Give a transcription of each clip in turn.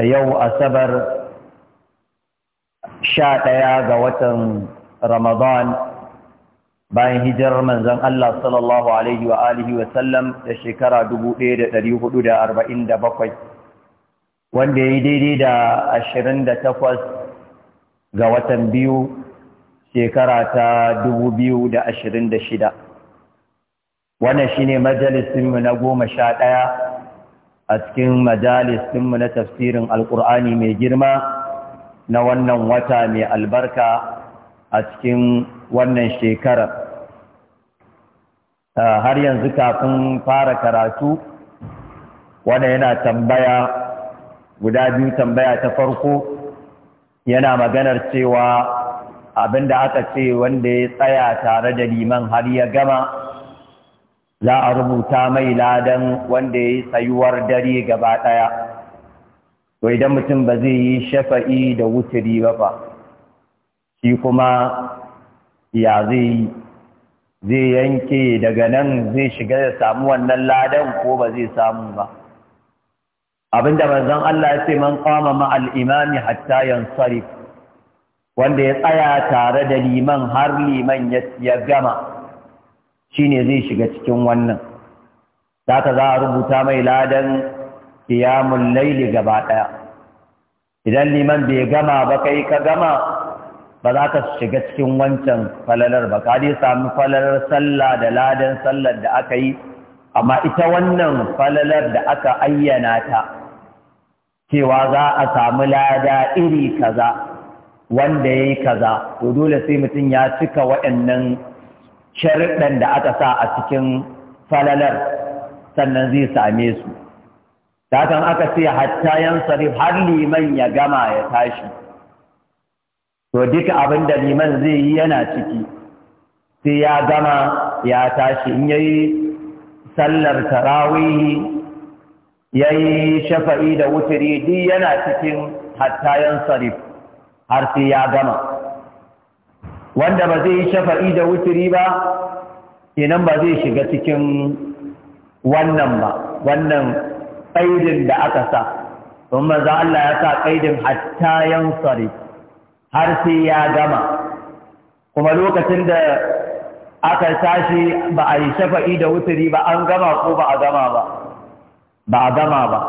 yau asabar sha ɗaya ga watan ramadan bayan hijirar manzon Allah sallallahu alaihi wa alihi wa sallam da shekara 1447 wanda ya yi daidai da 28 ga watan biyu shekara ta 2026 wannan shine majalisinmu na goma sha ɗaya a cikin majalis ɗinmu na tafsirin alƙur'ani mai girma na wannan wata mai albarka a cikin wannan shekarar ah, har yanzu kafin fara karatu wanda yana tambaya guda biyu tambaya ta farko yana maganar cewa abinda aka ce wanda ya tsaya tare da liman har ya gama za a rubuta mai ladan wanda ya yi tsayuwar dare gaba ɗaya to idan mutum ba zai yi shafa'i da wuturi ba ba shi kuma ya zai yi. zai yanke daga nan zai shiga ya samu wannan ladan ko ba zai samu ba abinda manzon Allah ya ce man qama ma'al imami hatta yansarif wanda ya tsaya tare da liman har liman ya gama Shi ne zai shiga cikin wannan Za ka za a rubuta mai ladan kiyamun laili gaba ɗaya idan liman bai gama ba kai ka gama ba za ka shiga cikin wancan falalar ba ka dai sami falalar sallah da ladan sallar da aka yi amma ita wannan falalar da aka ayyana ta cewa za a sami lada iri kaza wanda ya yi kaza to dole sai mutum ya cika waɗannan ɗan da aka sa a cikin falalar sannan zai same su takan aka ce hatta yan sarif har liman ya gama ya tashi to duka abin da liman zai yi yana ciki sai ya gama ya tashi in yayi sallar tarawihi yayi shafa'i da wuturi duk yana cikin hatta yan sarif har sai ya gama wanda ba zai yi shafa'i da wuturi ba kenan ba zai shiga cikin wannan ba wannan ƙaidin da aka sa don za Allah ya sa ƙaidin hatta yan har sai ya gama kuma lokacin da aka tashi ba a yi shafa'i da wuturi ba an gama ko ba a gama ba ba a gama ba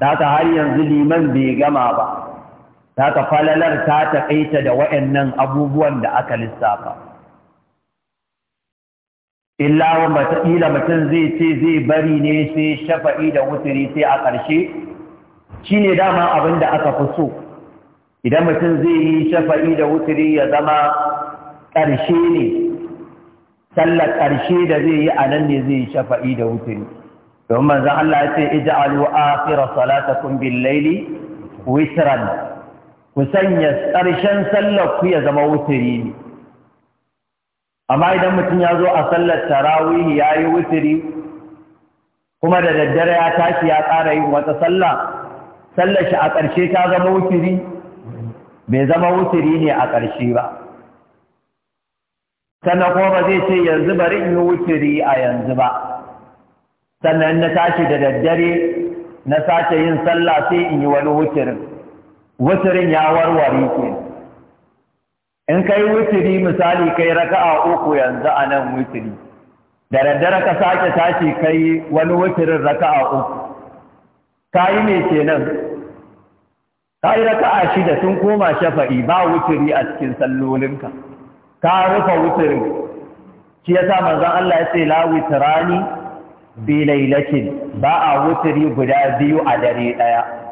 ta har yanzu liman bai gama ba ta ka falalar ta taƙaita da waɗannan abubuwan da aka lissafa illa wa mataƙila mutum zai ce zai bari ne sai shafa'i da wuturi sai a ƙarshe shi ne dama abin da aka fi so idan mutum zai yi shafa'i da wuturi ya zama ƙarshe ne sallar ƙarshe da zai yi a nan ne zai yi shafa'i da wuturi domin manzan Allah ya ce ija'alu akhira salatakum bil laili witiran. ku sanya ƙarshen sallar ku ya zama wuturi ne amma idan mutum ya zo a sallar tarawihi ya yi wuturi kuma da daddare ya tashi ya ƙara yin wata sallah sallar shi a ƙarshe ta zama wuturi bai zama wuturi ne a ƙarshe ba sannan kuma ba zai ce yanzu bari in yi wuturi a yanzu ba sannan na tashi da daddare na sace yin sallah sai in yi wani wuturin wutirin ya warware ke in kai wutiri misali kai raka'a uku yanzu a nan wutiri da daddare ka sake tashi kai wani wutirin raka'a uku ka yi kenan ka yi raka'a shida sun koma shafa'i ba wutiri a cikin sallolinka ka rufe wutirin shi yasa manzon Allah ya ce la witrani bi lailatin ba a wutiri guda biyu a dare ɗaya.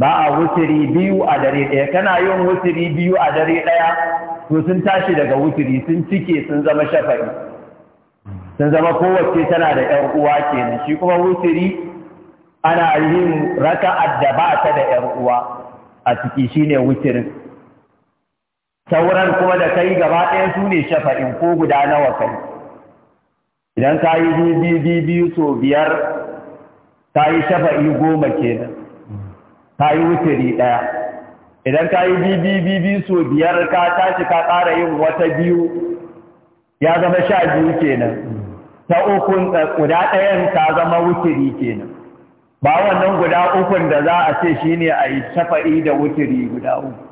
ba a wuturi biyu a dare ɗaya kana yin wuturi biyu a dare ɗaya to sun tashi daga wuturi sun cike sun zama shafa'i sun zama kowace tana da ‘yan uwa kenan shi kuma wuturi ana yin raka da ba ta da ‘yan uwa a ciki shine wuturin sauran kuma da kai gaba ɗaya su ne shafa'in ko guda nawa kai idan ka yi biyu biyu so biyar ka yi shafa'i goma kenan ka yi ri ɗaya idan ka yi bibi so biyar ka tashi ka ƙara yin wata biyu ya zama sha biyu kenan ta ukun eh, guda ɗayan ta zama ri kenan ba wannan guda ukun da za a ce shine a yi shafa'i da ri guda uku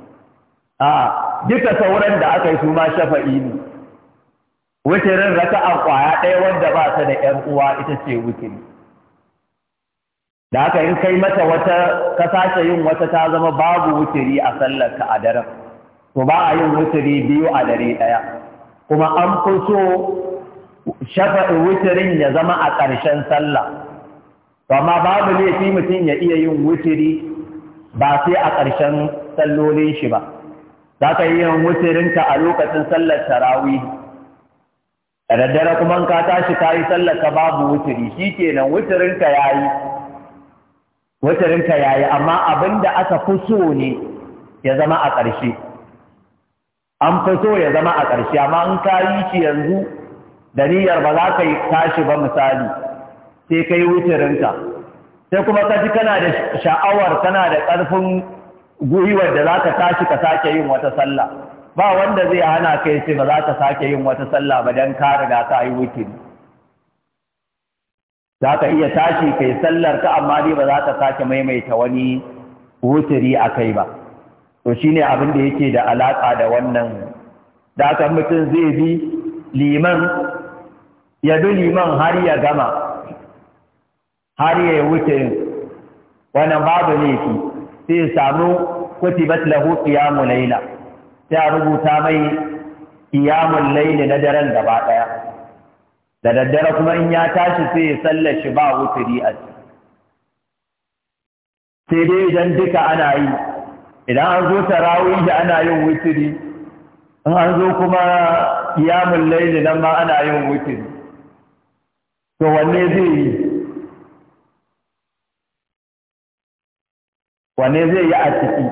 a duka sauran da aka yi su ma shafa'i ne raka raka'a kwaya ɗaya wanda ba ta da ƴan uwa ita ce wuturi da haka in kai mata wata ka sace yin wata ta zama babu wuturi a sallar ka a daren to ba a yin wuturi biyu a dare daya, kuma an fi so shafa'i wuturin ya zama a ƙarshen sallah to amma babu laifi mutum ya iya yin wuturi ba sai a ƙarshen sallolin shi ba za ka yi yin ka a lokacin sallar tarawi da daddare kuma ka tashi ka yi sallar ka babu wuturi shi kenan wuturinka ya yi watarinka yayi amma abin da aka fi so ne ya zama a ƙarshe an fi so ya zama a ƙarshe amma in ka yi shi yanzu da niyyar ba za ka yi tashi ba misali sai ka yi wutarinka sai kuma ka ji kana da sha'awar kana da ƙarfin gwiwar da za ka tashi ka sake yin wata sallah ba wanda zai hana kai yi ba za ka sake yin wata sallah ba don ka riga ka yi wutiri za ka iya tashi kai sallar ka amma dai ba za ka sake maimaita wani wuturi a kai ba to shi ne abin da yake da alaƙa da wannan da mutum zai bi liman ya bi liman har ya gama har ya wuce wannan babu ne fi. sai samu kuti lahu qiyamul laila sai a rubuta mai qiyamul laili na daren gaba ɗaya da daddare kuma in ya tashi sai ya sallar shi ba wuturi a ciki sai dai idan duka ana yi idan an zo tarawih da ana yin wuturi in an zo kuma kiyamun laili nan ma ana yin wuturi to wanne zai yi wanne zai yi a ciki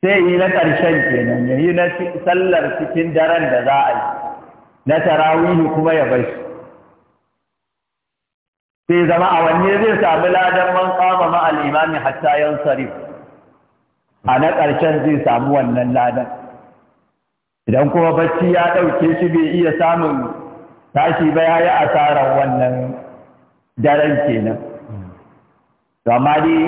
sai yi na ƙarshen kenan yayi na sallar cikin daren da za a yi na tarawihi kuma ya bai sai zama a wanne zai sami ladan man kama ma al-imami hatta a na ƙarshen zai samu wannan ladan idan kuma bacci ya ɗauke shi bai iya samun tashi ba ya yi asarar wannan daren kenan amma dai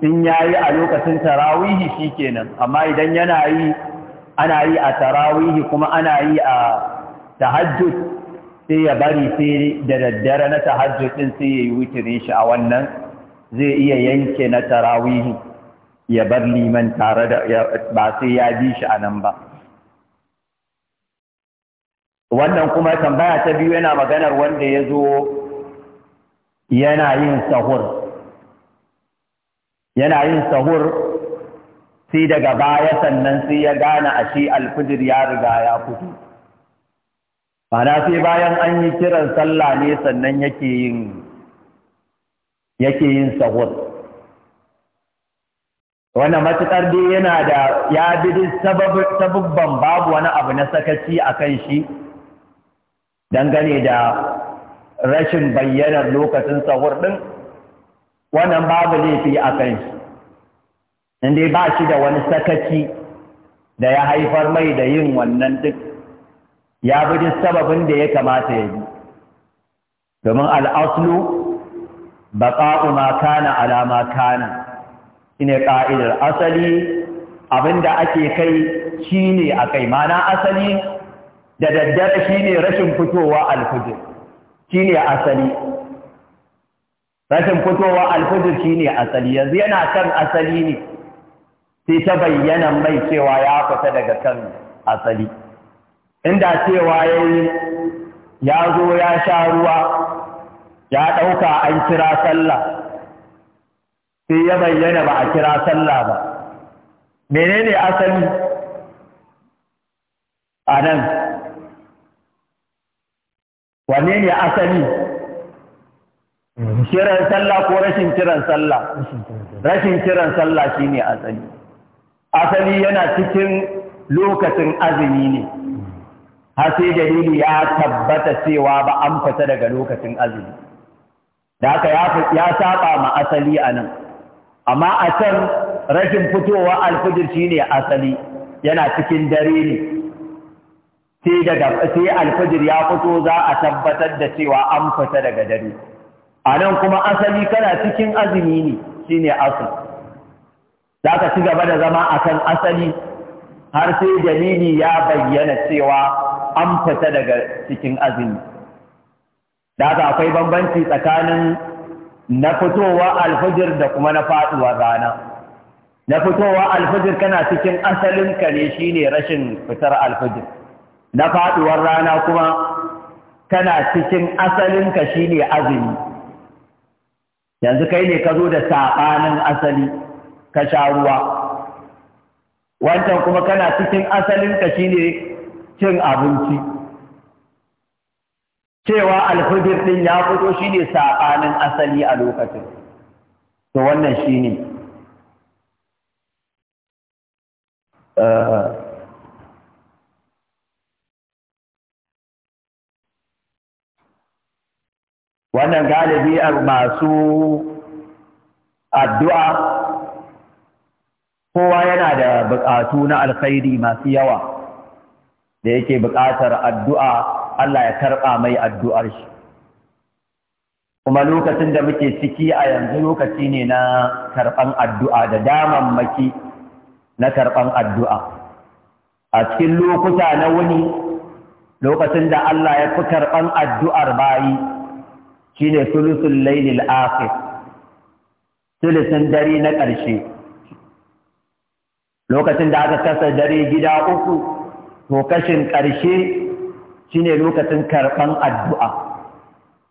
in ya yi a lokacin tarawihi shi kenan amma idan yana yi ana yi a tarawihi kuma ana yi a tahajjud sai ya bari sai da daddare na tahajjud din sai ya yi witirin shi a wannan zai iya yanke na tarawihi ya bar liman tare da ba sai ya bi shi a ba wannan kuma tambaya ta biyu yana maganar wanda ya zo yana yin sahur yana yin sahur sai daga baya sannan sai ya gane ashe alfijir ya riga ya fito Mana sai bayan an yi kiran sallah ne sannan yake yin yake yin sahur. Wannan matuƙar dai yana da ya bi sababban babu wani abu na sakaci a kan shi dangane da rashin bayyanar lokacin sahur ɗin, wannan babu laifi a kan shi. Inde ba shi da wani sakaci da ya haifar mai da yin wannan duk ya bi duk sababin da ya kamata ya bi domin al'aslu baqa'u ma kana ala ma kana shine qa'idar asali abinda ake kai shine akai mana asali da daddare shine rashin fitowa alfujir shine asali rashin fitowa alfujir shine asali yanzu yana kan asali ne sai ta bayyana mai cewa ya fita daga kan asali inda cewa ya yi ya zo ya sha ruwa ya ɗauka an kira sallah sai ya bayyana ba a kira sallah ba menene asali a nan wane ne asali kiran sallah ko rashin kiran sallah rashin kiran sallah shine asali asali yana cikin lokacin azumi ne har sai dalili ya tabbata cewa ba an fita daga lokacin azumi da haka ya saba ma asali a nan amma a can rashin fitowa alfijir shi ne asali yana cikin dare ne sai alfijir ya fito za a tabbatar da cewa an fita daga dare Anan kuma asali kana cikin azumi ne shine asali za ka ci gaba da zama akan asali har sai dalili ya bayyana cewa an fita daga cikin azumi da akwai bambanci tsakanin na fitowa alfajir da kuma na faɗuwar rana na fitowa alfajir kana cikin asalin ka ne rashin fitar alfajir na faɗuwar rana kuma kana cikin asalin ka ne azumi yanzu kai ne ka zo da sabanin asali ka sha ruwa wancan kuma kana cikin asalin ka ne. cin abinci cewa alfajir din ya fito shine sabanin asali a lokacin to wannan shine eh. wannan galibi a masu addu'a kowa yana da bukatu na alkhairi masu yawa da yake buƙatar addu'a Allah ya karɓa mai addu'ar shi kuma lokacin da muke ciki a yanzu lokaci ne na karɓan addu'a da damammaki na karɓan addu'a a cikin lokuta na wuni lokacin da Allah ya fi karɓan addu'ar bayi shi ne sulusun lailil afir, sulusun dare na ƙarshe lokacin da aka kasa dare gida uku to kashin ƙarshe shine lokacin karɓan addu'a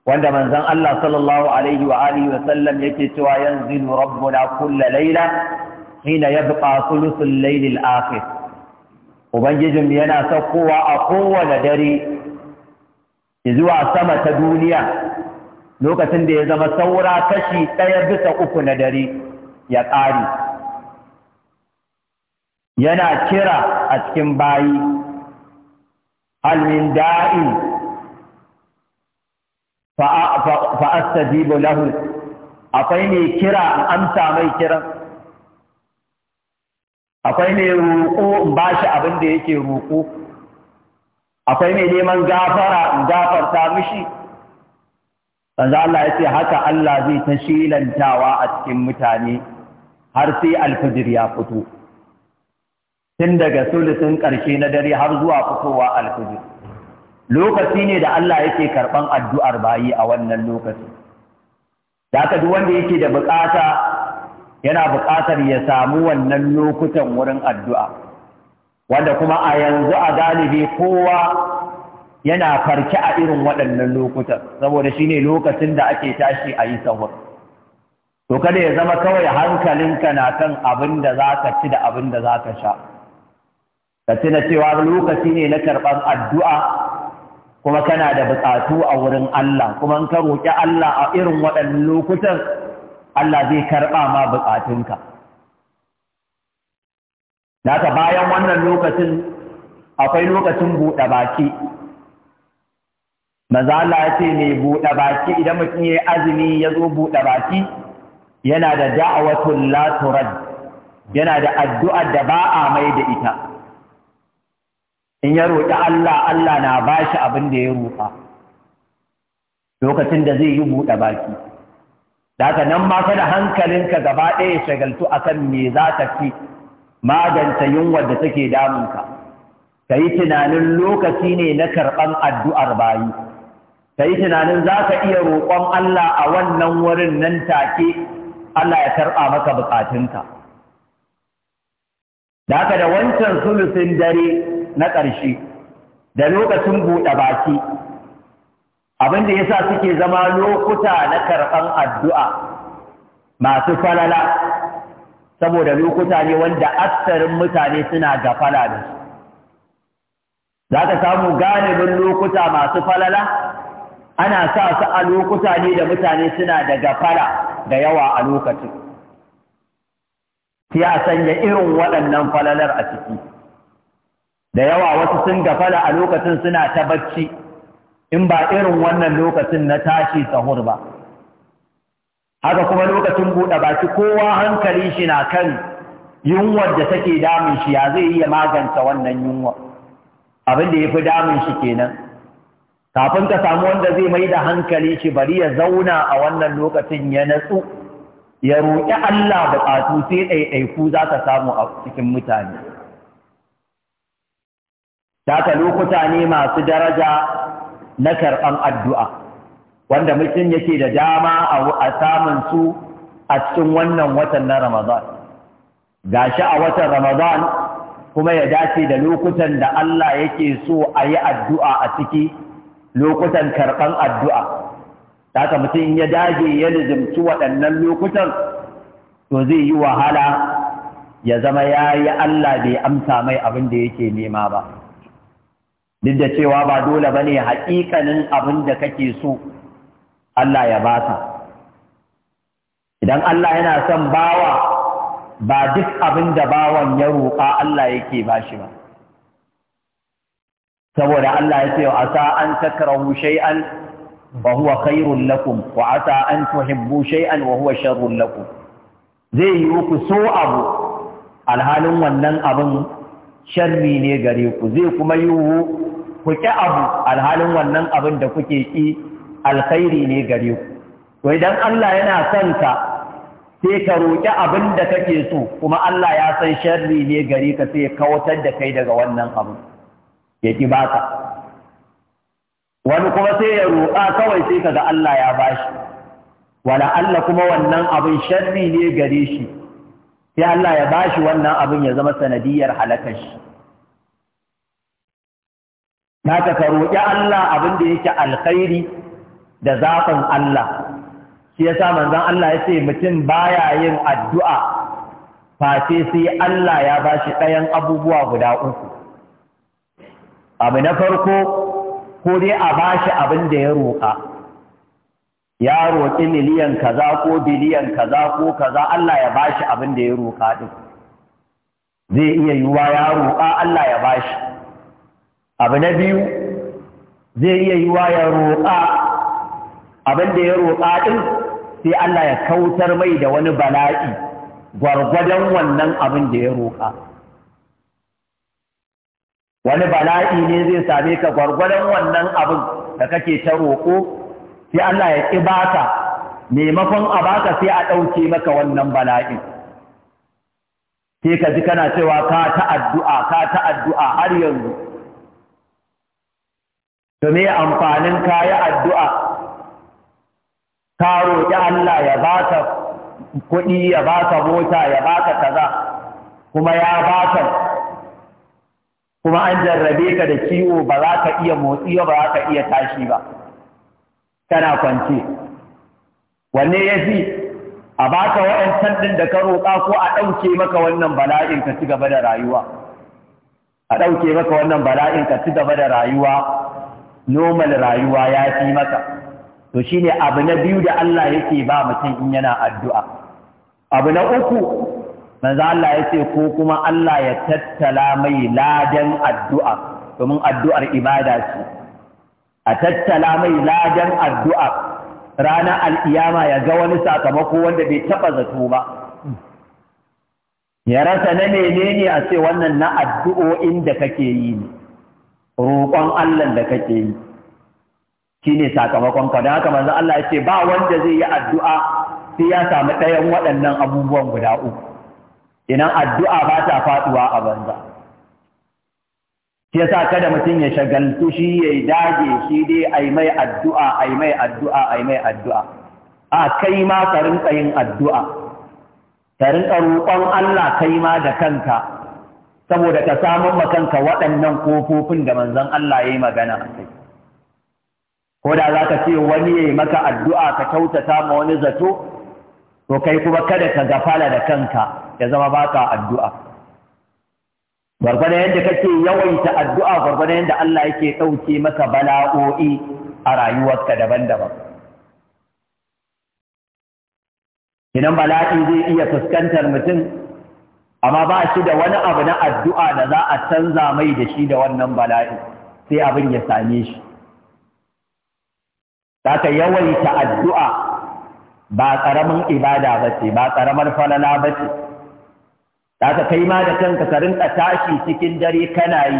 wanda manzon Allah sallallahu alaihi wa alihi wa sallam yake cewa yanzilu rabbuna kulla laila hina ya thuluthul layl al-akhir ubangijin yana saukowa a kowane dare zuwa sama ta duniya lokacin da ya zama saura kashi ɗaya bisa uku na dare ya ƙare yana kira a cikin bayi hal min da'in fa astajibu akwai ne kira an amsa mai kiran akwai ne roƙo in ba shi abin da yake roƙo akwai mai neman gafara in mishi sanzu Allah ya ce haka Allah zai ta shilantawa a cikin mutane har sai alfijir ya fito tun daga sulusun ƙarshe na dare har zuwa fitowa alfijir lokaci ne da Allah yake karɓan addu'ar bayi a wannan lokaci da aka duk wanda yake da buƙata yana buƙatar ya samu wannan lokutan wurin addu'a wanda kuma a yanzu a galibi kowa yana farki a irin waɗannan lokutan saboda shine lokacin da ake tashi a yi sahur to kada ya zama kawai hankalinka na kan abin da za ka ci da abin da za ka sha ka tuna cewa lokaci ne na karɓar addu'a kuma kana da buƙatu a wurin Allah kuma in ka roƙi Allah a irin waɗannan lokutan Allah zai karɓa ma buƙatunka naka bayan wannan lokacin akwai lokacin buɗe baki maza Allah ya ce mai buɗe baki idan mutum ya yi azumi ya zo buɗe baki yana da da'awatul laturan. yana da addu'ar da ba a mai da ita in ya roƙi Allah Allah na bashi abin da ya roƙa lokacin da zai yi buɗe baki daga nan ma hankalin hankalinka gaba ɗaya ya shagaltu akan me za ka ci magance yunwar da take damunka ka yi tunanin lokaci ne na karɓan addu'ar bayi ka yi tunanin za ka iya roƙon Allah a wannan wurin nan take Allah ya karɓa maka bukatunka da haka da wancan sulusin dare na ƙarshe da lokacin buɗe baki abin da sa suke zama lokuta na karɓan addu'a masu falala saboda lokuta ne wanda aksarin mutane suna fala da su za ka samu galibin lokuta masu falala ana sa su a lokuta ne da mutane suna da gafara da yawa a lokacin sai a sanya irin waɗannan falalar a ciki da yawa wasu sun gafala a lokacin suna ta bacci in ba irin wannan lokacin na tashi sahur ba haka kuma lokacin buɗe baki kowa hankali shi na kan yunwar da take damun shi ya zai iya magance wannan yunwar abin da ya fi damun shi kenan kafin ka samu wanda zai mai da hankali shi bari ya zauna a wannan lokacin ya natsu ya roƙi Allah buƙatu sai ɗaiɗaiku za ka samu a cikin mutane Taka lokuta ne masu daraja na karɓan addu'a, wanda mutum yake da dama a samun su a cikin wannan watan na Ramadan. ga shi a watan Ramadan kuma ya dace da lokutan da Allah yake so a yi addu'a a ciki, lokutan karɓan addu'a. Taka mutum ya dage ya lizimci waɗannan lokutan, to zai yi wahala ya zama ya yi Allah bai amsa mai abin da yake nema ba. duk da cewa ba dole ba ne haƙiƙanin abin da kake so Allah ya ba ta. idan Allah yana son bawa ba duk abin da bawan ya roƙa Allah yake ba shi ba saboda Allah ya ce asa an takrahu shay'an wa huwa khairul lakum wa asa an tuhibbu shay'an wa huwa sharrul lakum zai yi ku so abu alhalin wannan abin sharri ne gare ku zai kuma yiwu ku ƙi abu alhalin wannan abin da kuke ƙi alkhairi ne gare ku to idan Allah yana son ka sai ka roƙi abin da kake so kuma Allah ya san sharri ne gare ka sai ya kawatar da kai daga wannan abu ya ƙi baka wani kuma sai ya roƙa kawai sai kaga Allah ya bashi wala Allah kuma wannan abin sharri ne gare shi sai Allah ya bashi wannan abin ya zama sanadiyar halakar shi na ka roƙi Allah abin da yake alkhairi da zaɓin Allah shi ya yasa manzon Allah ya ce mutum baya yin addu'a face sai Allah ya bashi ɗayan abubuwa guda uku abu na farko ko dai a ba shi abin da ya roƙa ya roƙi miliyan kaza ko biliyan kaza ko kaza Allah ya ba shi abin da ya roƙa din zai iya yiwuwa ya roƙa Allah ya ba shi. abu na biyu zai iya yi wa ya roƙa abin da ya roƙa ɗin sai Allah ya kautar mai da wani bala'i gwargwadon wannan abin da ya roƙa wani bala'i ne zai same ka gwargwadon wannan abin da kake ta roƙo sai Allah ya ƙi baka maimakon a baka sai a ɗauke maka wannan bala'i. sai ka ji kana cewa ka ta addu'a ka ta addu'a har yanzu to me amfanin kayi addu'a ka roƙi Allah ya baka kuɗi ya baka mota ya baka kaza kuma ya ka kuma an jarrabe ka da ciwo ba za ka iya motsi ba za ka iya tashi ba kana kwance wanne ya fi a baka wa'yan ɗin da ka roƙa ko a ɗauke maka wannan bala'in ka ci gaba da rayuwa a ɗauke maka wannan bala'in ka ci gaba da rayuwa normal rayuwa ya fi maka. to shine abu na biyu da Allah yake ba mutum in yana addu'a abu na uku manzo Allah ya ce ko kuma Allah ya tattala mai ladan addu'a domin addu'ar ibada ce a tattala mai ladan addu'a ranar al'iyama ya ga wani sakamako wanda bai taɓa zato ba ya rasa na menene a ce wannan na addu'o'in da kake yi ne roƙon Allah da kake yi shine sakamakon ka da haka manzo Allah ya ce ba wanda zai yi addu'a sai ya sami ɗayan waɗannan abubuwan guda uku idan addu'a ba ta faɗuwa a banza shi yasa kada mutum ya shagaltu shi ya yi dage shi dai yi mai addu'a yi mai addu'a yi mai addu'a a kai ma ka rinƙa yin addu'a ka rinƙa roƙon Allah kai ma da kanka saboda ka ma kanka waɗannan kofofin da manzon Allah ya yi magana a kai ko da za ka ce wani ya yi maka addu'a ka kyautata ma wani zato to kai kuma kada ka gafala da kanka ya zama baka addu'a gwargwadon yadda kake yawaita addu'a gwargwadon yadda Allah yake ɗauke maka bala'o'i a rayuwarka daban-daban idan bala'i zai iya fuskantar mutum amma ba shi da wani abu na addu'a da za a canza mai da shi da wannan bala'i sai abin ya same shi ka yawaita addu'a ba ƙaramin ibada ba ce ba ƙaramar falala ba ce ka kai ma da kanka ka rinka tashi cikin dare kana yi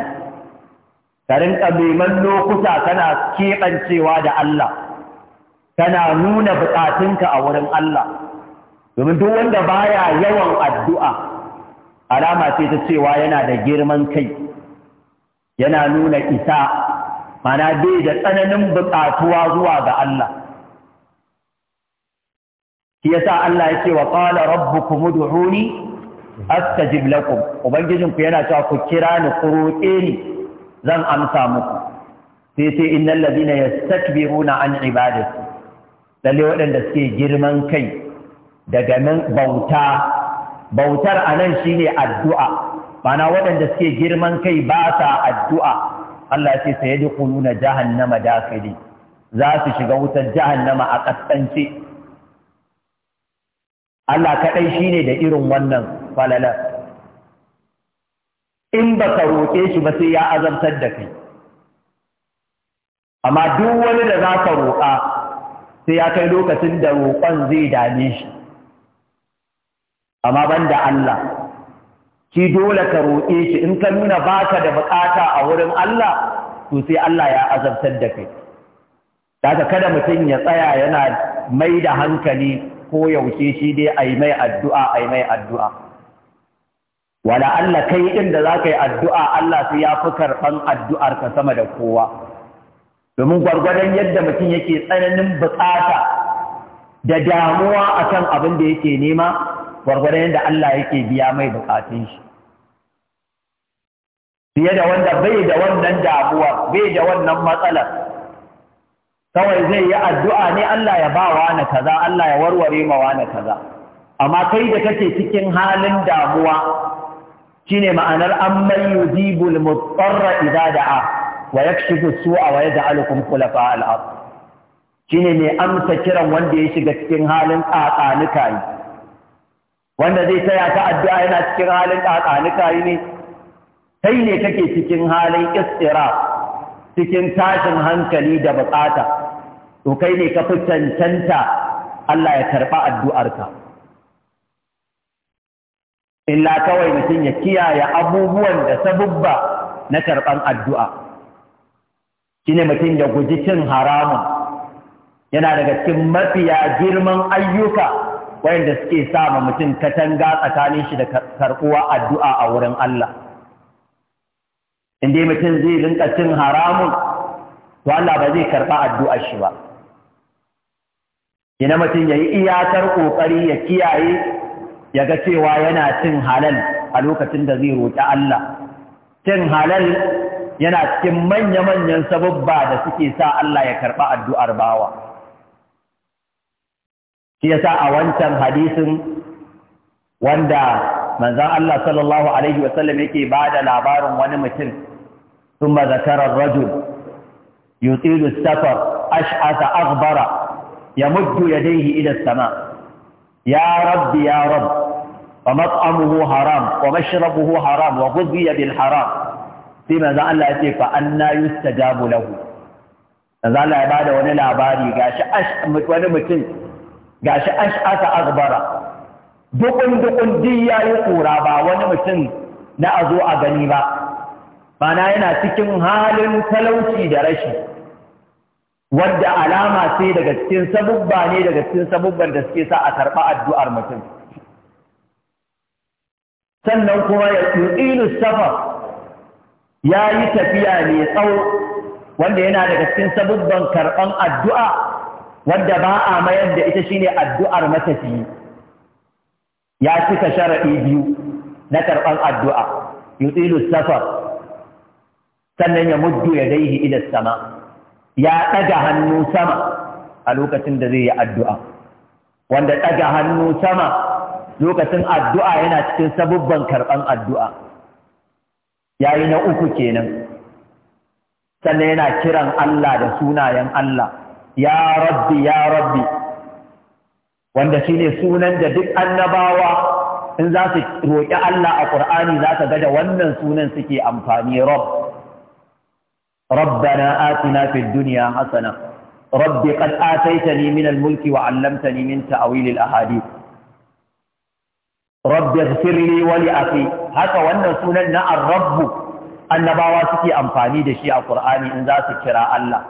ka rinka neman lokuta kana keɓancewa da Allah kana nuna buƙatunka a wurin Allah domin duk wanda baya yawan addu'a alama ce ta cewa yana da girman kai yana nuna isa mana bai da tsananin buƙatuwa zuwa ga Allah shi yasa Allah ya ce wa qala rabbukum ud'uni astajib lakum ku yana cewa ku kira ni ku roƙe ni zan amsa muku sai sai innal ladina yastakbiruna an ibadati lalle waɗanda suke girman kai daga nan bauta bautar a nan shi ne addu'a mana waɗanda suke girman kai ba sa addu'a Allah ce sai da kuluna jahannama dakali za su shiga wutar jahannama a ƙasance Allah kaɗai shi ne da irin wannan falalar in ba ka roƙe shi ba sai ya azamtar da kai amma duk wani da za ka roƙa sai ya kai lokacin da roƙon zai dame shi amma ban da Allah shi dole ka roƙe shi in ka nuna baka da buƙata a wurin Allah to sai Allah ya azabtar da kai daga kada mutum ya tsaya yana mai da hankali ko yaushe shi dai ai mai addu'a ai mai addu'a wala Allah kai din da ka yi addu'a Allah sai ya fi karɓan addu'ar ka sama da kowa domin gwargwadon yadda mutum yake tsananin buƙata da damuwa akan abin da yake nema gwargwadon yadda Allah yake biya mai bukatun shi fiye da wanda bai da wannan damuwa bai da wannan matsalar kawai zai yi addu'a ne Allah ya ba wa na kaza Allah ya warware ma wa na kaza amma kai da kake cikin halin damuwa shine ma'anar amman yujibul mutsarra idza da'a wa yakshifu su'a wa yaj'alukum khulafa al-ard shine mai amsa kiran wanda ya shiga cikin halin tsatsanika wanda zai taya ta addu'a yana cikin halin ƙaƙanika ne kai ne kake cikin halin istira cikin tashin hankali da buƙata to kai ne ka fi cancanta Allah ya karɓa addu'arka illa kawai mutum ya kiyaye abubuwan da sabubba na karɓan addu'a shine mutum ya guji cin haramun yana daga cikin mafiya girman ayyuka wayanda suke sa ma mutum katanga tsakanin shi da karɓuwa addu'a a wurin Allah inda mutum zai rinka cin haramun to Allah ba zai karɓa addu'ar shi ba ina mutum ya yi iyakar ƙoƙari ya kiyaye ya ga cewa yana cin halal a lokacin da zai roƙi Allah cin halal yana cikin manya-manyan sababba da suke sa Allah ya karɓa addu'ar bawa shi yasa a wancan hadisin wanda manzon Allah sallallahu alaihi wa sallam yake bada labarin wani mutum thumma zakara ar-rajul yutilu as-safar ash'atha aghbara yamuddu yadayhi ila as-sama ya rabbi ya rabb ومطعمه حرام ومشربه حرام وغذي بالحرام فيما ذا الله يتي فأنا يستجاب له ذا الله يبادى wani labari gashi ash wani mutum gashi ash'asa azbara dukun dukun ya yayi kura ba wani mutum na a zo a gani ba bana yana cikin halin talauci da rashi wanda alama sai daga cikin sabubba ne daga cikin sabubban da suke sa a karɓa addu'ar mutum sannan kuma ya tu'ilu safar ya yi tafiya mai tsawo wanda yana daga cikin sabubban karɓan addu'a Wanda ba a mayar da ita shine addu'ar matafi ya cika sharaɗi biyu na karɓar addu'a yutilu safar sannan ya muddu ya daihi ila sama ya ɗaga hannu sama a lokacin da zai yi addu'a wanda ɗaga hannu sama lokacin addu'a yana cikin sabubban karɓar addu'a yayi na uku kenan sannan yana kiran Allah da sunayen Allah ya rabbi ya rabbi wanda shine sunan da duk annabawa in za su roƙi Allah a Qur'ani za ka ga da wannan sunan suke amfani rabb ربنا آتنا في الدنيا حسنة رب قد آتيتني من الملك وعلمتني من تأويل الأحاديث رب اغفر لي ولأخي هكا وانا سننا الرب النباوة سكي أنفاني دشي القرآن إن ذا سكرا الله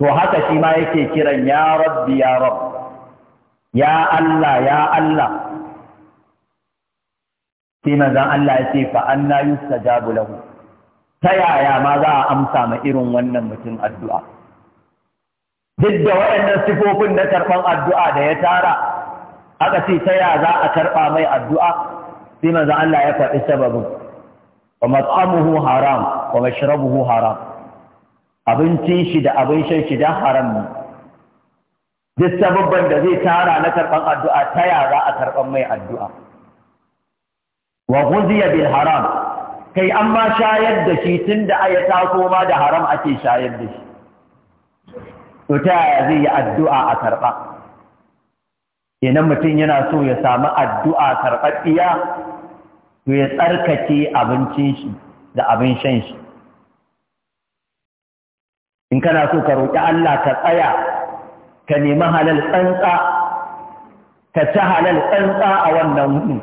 to haka shi ma yake kiran ya rabbi ya rab, ya Allah ya Allah sai manzon Allah ya ce fa anna yustajabu lahu ta yaya ma za a amsa ma irin wannan mutum addu'a duk da waɗannan sifofin da karban addu'a da ya tara aka ce ta za a karɓa mai addu'a sai manzon Allah ya faɗi sababin wa mat'amuhu haram wa mashrabuhu haram abincin shi da abin shan shi dan haram ne duk sababban da zai tara na karban addu'a ta yara a karban mai addu'a wa ghuziya bil haram kai an ma shayar da shi tunda aya taso ma da haram ake shayar da shi to ta yaya zai yi addu'a a karba kenan mutum yana so ya samu addu'a karɓaɗɗiya to ya tsarkake abincin shi da abin shan shi in kana so ka roƙi Allah ka tsaya ka nemi halal tsantsa ka ci halal tsantsa a wannan hudu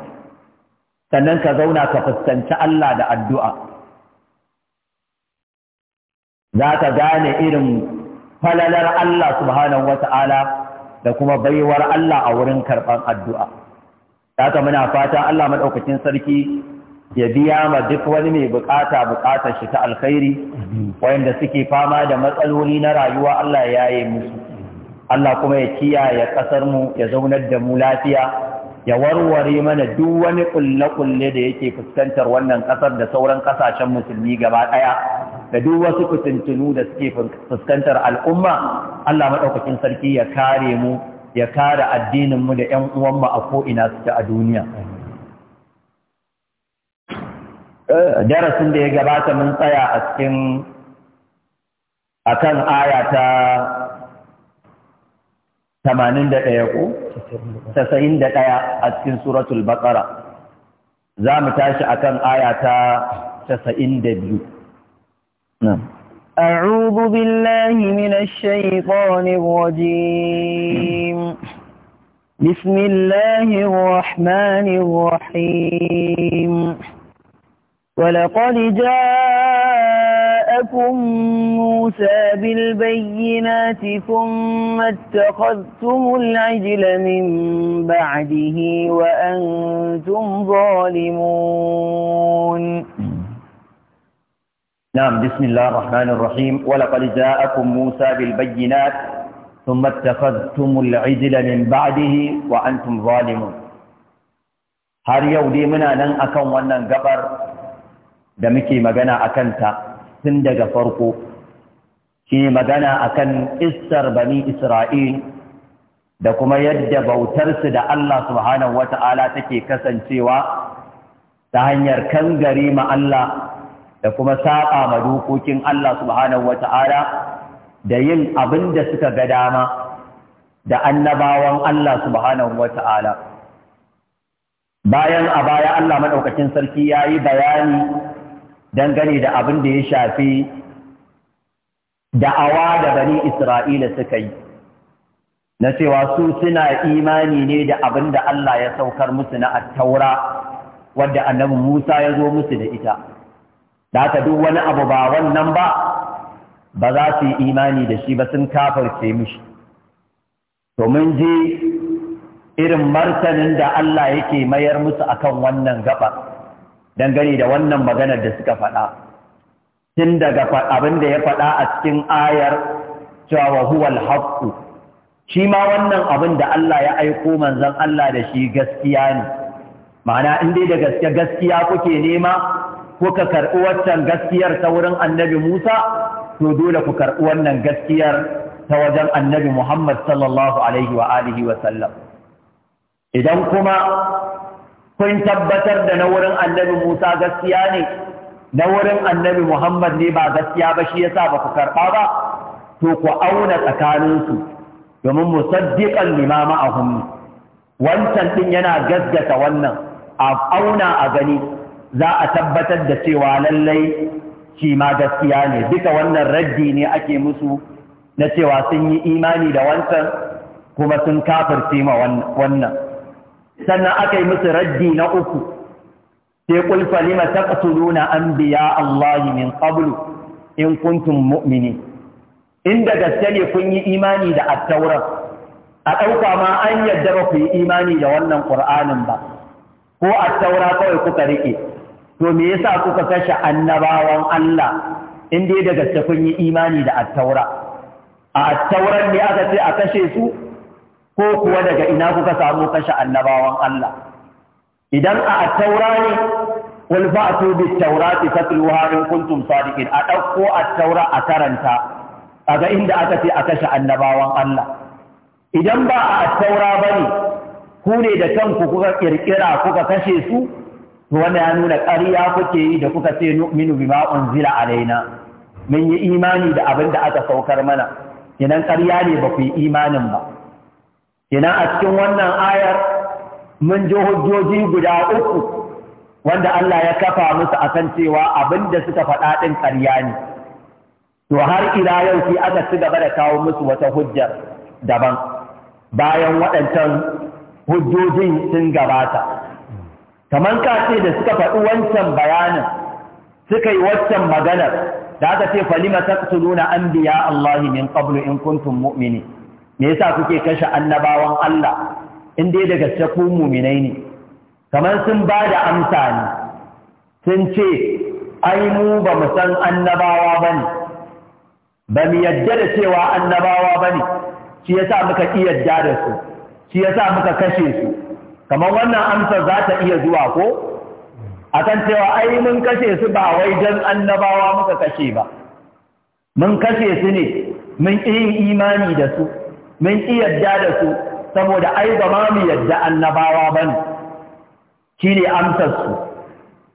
sannan ka zauna ka fuskanci Allah da addu'a za ka gane irin falalar Allah subhanahu wa Ta'ala, da kuma baiwar Allah a wurin karɓar addu'a. Za ka muna fata Allah maɗaukacin sarki ya biya ma duk wani mai bukata bukatar shi ta alkhairi wayanda suke fama da matsaloli na rayuwa Allah ya yi musu Allah kuma ya kiyaye kasar mu ya zaunar da mu lafiya ya warware mana duk wani kulle-kulle da yake fuskantar wannan kasar da sauran kasashen musulmi gaba daya da duk wasu fitintunu da suke fuskantar al'umma Allah madaukakin sarki ya kare mu ya kare addinin mu da 'yan uwan mu a ko ina suke a duniya darasin da ya gabata mun tsaya a cikin akan aya ta 81 ko 91 a cikin suratul baqara za mu tashi akan aya ta 92 na'am أعوذ بالله من الشيطان الرجيم بسم الله الرحمن الرحيم ولقد جاءكم موسى بالبينات ثم اتخذتم العجل من بعده وأنتم ظالمون نعم بسم الله الرحمن الرحيم ولقد جاءكم موسى بالبينات ثم اتخذتم العجل من بعده وأنتم ظالمون har yau منا ننأكم nan akan da muke magana a kanta tun daga farko ke magana akan istar bani isra'il da kuma yadda bautarsu da Allah subhanahu wata'ala take kasancewa ta hanyar kangare ma Allah da kuma saba ma dokokin Allah subhanahu Ta'ala da yin abin da suka ga dama da annabawan Allah subhanahu Ta'ala. bayan a baya Allah maɗaukacin sarki yayi bayani dangane da abin da ya shafi da'awa da bani Isra'ila suka yi, na cewa su suna imani ne da abin da Allah ya saukar musu na attaura wadda annabi Musa ya zo musu da ita, da ta duk wani abu ba wannan ba, ba za su yi imani da shi ba sun kafarce mishi. To mun ji irin martanin da Allah yake mayar musu akan wannan gabar. dangane da wannan maganar da suka faɗa tun daga abin da ya faɗa a cikin ayar cewa huwal haqqu shi ma wannan abin da Allah ya aiko manzon Allah da shi gaskiya ne ma'ana in dai da gaske gaskiya kuke nema kuka karɓi waccan gaskiyar ta wurin annabi Musa to dole ku karɓi wannan gaskiyar ta wajen annabi Muhammad sallallahu alaihi wa alihi wa sallam idan kuma sun tabbatar da na wurin annabi Musa gaskiya ne na wurin annabi Muhammad ne ba gaskiya ba shi yasa ba ku karɓa ba to ku auna tsakaninsu domin musaddiqan a ma'ahum wancan ɗin yana gaskata wannan a auna a gani za a tabbatar da cewa lallai shi ma gaskiya ne duka wannan raddi ne ake musu na cewa sun yi imani da wancan kuma sun kafirce ma wannan sannan aka yi musu raddi na uku sai qul falima taqtuluna anbiya Allah min qablu in kuntum mu'minin inda gaske ne kun yi imani da at a dauka ma an yadda ba ku yi imani da wannan qur'anin ba ko attaura kawai kuka rike to me yasa kuka kashe annabawan Allah in dai da gaske kun yi imani da attaura a attauran ne aka ce a kashe su ko kuwa daga ina kuka samu kashe annabawan Allah idan a taura ne qul fa'tu bit taurati fatluha in kuntum sadiqin a dauko a taura a karanta inda aka ce a kashe annabawan Allah idan ba a taura bane ku ne da kanku kuka kirkira kuka kashe su Su ya nuna ƙarya kuke yi da kuka ce nu'minu bima unzila alaina mun yi imani da abin da aka saukar mana idan ƙarya ne ba ku yi imanin ba ina a cikin wannan ayar mun ji hujjoji guda uku wanda Allah ya kafa musu akan cewa abin da suka faɗa ɗin ƙarya ne to har ila yau sai aka ci gaba da kawo musu wata hujjar daban bayan waɗancan hujjojin sun gabata kamar ka ce da suka faɗi wancan bayanin suka yi waccan maganar da aka ce falima an biya Allah min qablu in kuntum mu'minin me yasa kuke kashe annabawan Allah in dai daga gaske ku muminai ne kamar sun ba da amsa ne sun ce ai mu ba mu san annabawa ba ne ba mu yadda da cewa annabawa ba ne shi yasa muka ki yadda da su shi yasa muka kashe su kamar wannan amsa za ta iya zuwa ko akan cewa ai mun kashe su ba wai don annabawa muka kashe ba mun kashe su ne mun yi imani da su mun iyadda da su saboda ai ba ma mu yadda annabawa ba ne shi ne amsarsu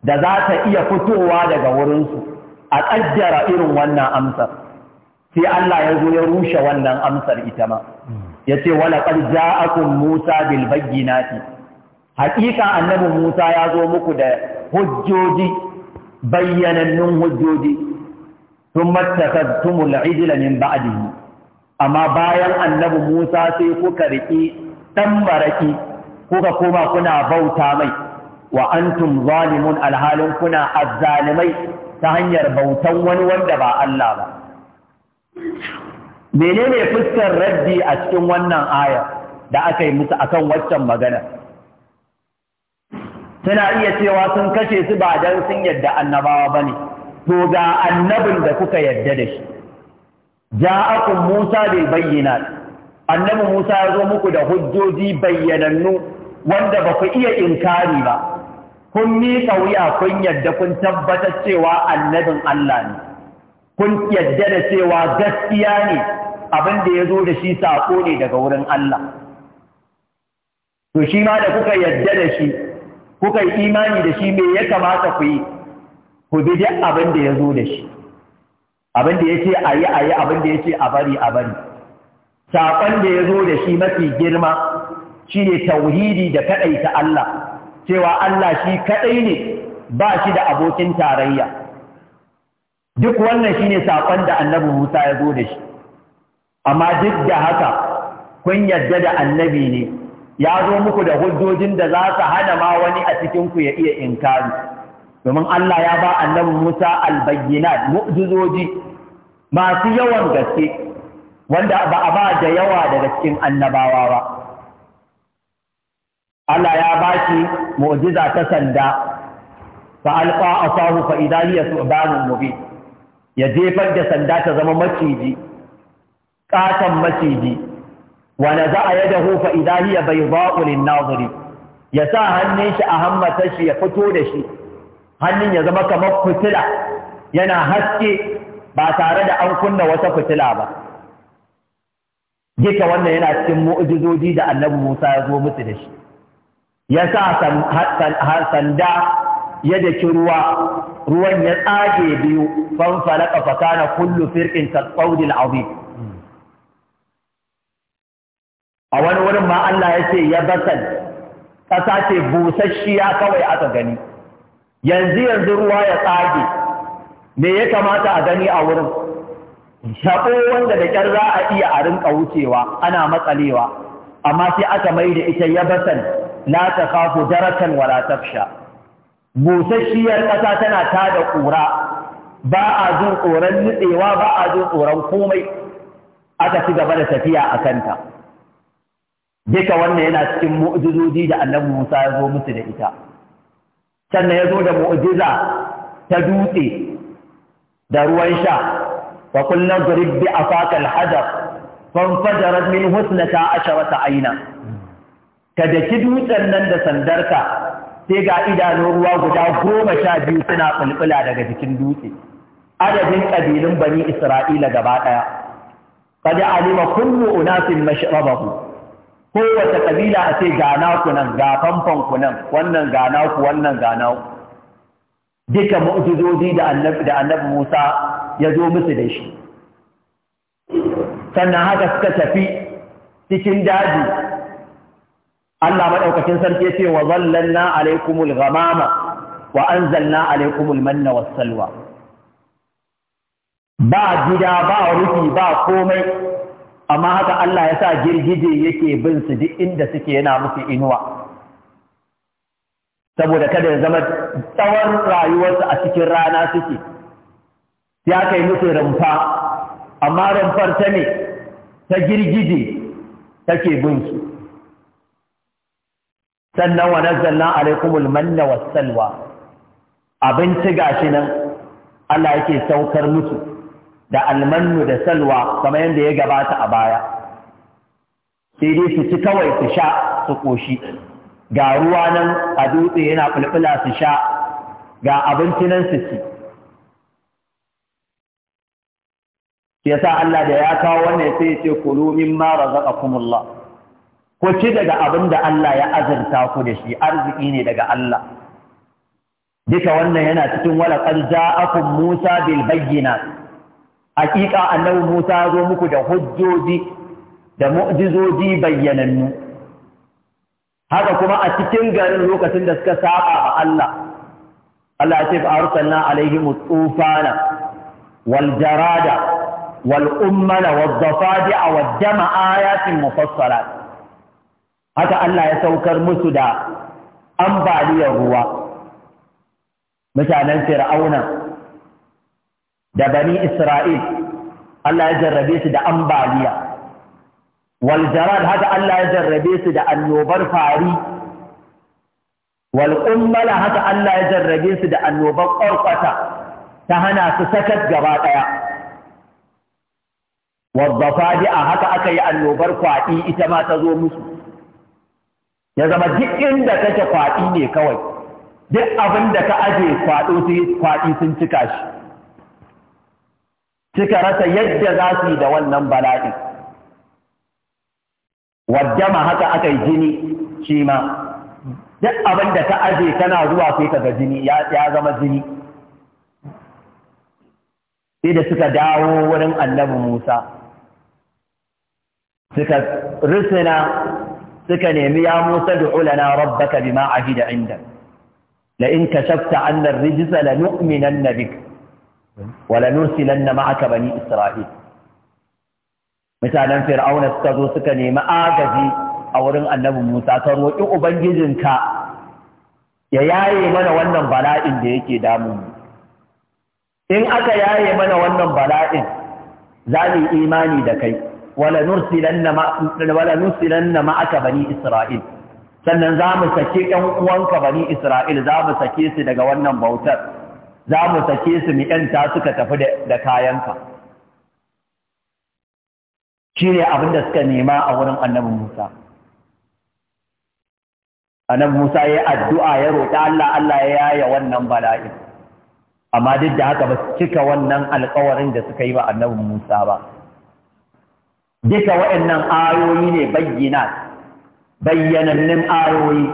da za ta iya fitowa daga wurin su a ƙaddara irin wannan amsar sai Allah ya zo ya rushe wannan amsar ita ma ya ce wala qad ja'akun Musa bil bayyinati haƙiƙa annabi Musa ya zo muku da hujjoji bayyanannun hujjoji sun matakattumul ijla min ba'dihi amma bayan annabi Musa sai kuka riƙi ɗan maraƙi, kuka koma kuna bauta mai wa antum zalimun alhalin kuna azzalimai ta hanyar bautan wani wanda ba Allah ba menene fuskar raddi a cikin wannan ayar da aka yi musu akan waccan magana suna iya cewa sun kashe su ba don sun yadda annabawa ba ne to ga annabin da kuka yadda da shi ja'akum Musa bil bayyinat annabi Musa ya zo muku da hujjoji bayyanannu wanda ba ku iya inkari ba kun ni wuya kun yadda kun tabbatar cewa annabin Allah ne kun yadda da cewa gaskiya ne abin da ya zo da shi sako ne daga wurin Allah to shi ma da kuka yadda da shi kuka yi imani da shi me ya kamata ku yi ku bi duk abin da ya zo da shi abin da a yi a yi abin da ce a bari a bari Saƙon da ya zo da shi mafi girma shine tauhidi da kaɗai ta Allah cewa Allah shi kaɗai ne ba shi da abokin tarayya duk wannan shine saƙon da Annabi Musa ya zo da shi amma duk da haka kun yarda da annabi ne ya zo muku da hujjojin da za su hana ma wani a cikinku ya iya inkari domin Allah ya ba annabi Musa albayyinat mu'jizoji masu yawan gaske wanda ba a ba da yawa daga cikin annabawa ba Allah ya ba shi mu'jiza ta sanda fa alqa asahu fa idha hiya su'banun mubin ya jefar da sanda ta zama maciji katan maciji wa naza yadahu fa idha hiya baydha'u lin-nadhiri ya sa hannun shi a hammata shi ya fito da shi hannun ya zama kamar fitila yana haske ba tare da an kunna wata fitila ba duka wannan yana cikin mu'jizoji da annabi Musa ya zo musu da shi ya sa sanda ya daki ruwa ruwan ya tsage biyu fanfalaka fakana kullu firqin kasawdil azim a wani wurin ma Allah ya ce ya basal ƙasa ce busasshiya kawai aka gani yanzu yanzu ruwa ya tsage me ya kamata a gani a wurin shaɓo wanda da ƙyar za a iya a rinka wucewa ana matsalewa amma sai aka mai da ita ya na ta kafu darakan wala tafsha busasshiyar ƙasa tana da ƙura ba a jin tsoron nutsewa ba a jin tsoron komai aka ci gaba da tafiya a kanta duka wannan yana cikin mu'jizoji da annabi Musa ya zo musu da ita sannan ya zo da mu'ujiza ta dutse da ruwan sha wa kullum zurib bi afakal hajar husna min husnata asharata aina ka daki dutsen nan da sandarka sai ga idanun ruwa guda goma sha biyu suna fulfula daga jikin dutse adadin kabilun bani isra'ila gaba ɗaya qad alima kullu unasin mashrabahu kowace kabila a ce ga naku nan ga famfon ku nan wannan ga naku wannan ga naku duka mu'jizozi da annabi da annabi Musa ya zo musu da shi sannan haka suka tafi cikin daji Allah madaukakin sarki ya ce wa zallalna alaikumul ghamama wa anzalna alaikumul manna was salwa ba gida ba rufi ba komai amma haka Allah ya sa girgije yake bin su duk inda suke yana musu inuwa saboda kada ya zama tsawon rayuwarsu a cikin rana suke ya kai musu rumfa amma rumfar ta ne ta girgije take bin sannan wa nazzalna alaikumul manna wassalwa abinci gashi nan Allah yake saukar musu da almannu da salwa kamar yadda ya gabata a baya sai dai su ci kawai su sha su koshi ga ruwa nan a dutse yana fulfula su sha ga abinci nan su ci shi yasa Allah da ya kawo wannan sai ya ce kulu mimma razaqakumullah ku ci daga abin da Allah ya azurta ku da shi arziki ne daga Allah duka wannan yana cikin wala qad ja'akum Musa bil bayyinat haqiqa annabi Musa zo muku da hujjoji da mu'jizoji bayyanannu haka kuma a cikin garin lokacin da suka saba a Allah Allah ya ce fa arsalna alaihim tufana wal jarada wal ummana, wad dafadi'a wad dama ayatin mufassalat haka Allah ya saukar musu da ambaliyar ruwa mutanen fir'auna da bani isra'il Allah ya jarrabe su da ambaliya wal jarad haka Allah ya jarrabe su da annobar fari wal haka Allah ya jarrabe su da annobar ƙwarƙwata ta hana su sakat gaba ɗaya wadda a haka aka yi annobar kwaɗi ita ma ta zo musu ya zama duk inda kake kwaɗi ne kawai duk abin da ka aje kwaɗi sun cika shi cika rasa yadda za su yi da wannan bala'in Waddama haka aka yi jini shi ma duk abin da ka aje tana zuwa sai ka ga jini ya zama jini sai da suka dawo wurin annabi Musa suka risina suka nemi ya Musa du'ulana rabbaka bima ahida inda la in kashafta anna ar-rijza lanu'minanna bik wa lanursilanna ma'aka bani isra'il mutanen fir'auna suka zo suka nemi agaji a wurin annabi Musa ka roƙi ubangijinka ya yaye mana wannan bala'in da yake damu in aka yaye mana wannan bala'in za mu imani da kai wala nursilanna ma aka bani isra'il sannan za mu sake ɗan uwanka bani isra'il za mu sake su daga wannan bautar za mu sake su mu ƴanta suka tafi da kayanka Shi ne abin da suka nema a wurin annabin Musa annabi Musa ya yi addu'a ya roƙi Allah Allah ya yaya wannan bala'in amma duk da haka ba su cika wannan alkawarin da suka yi wa annabin Musa ba duka waɗannan ayoyi ne bayyana bayyanannin ayoyi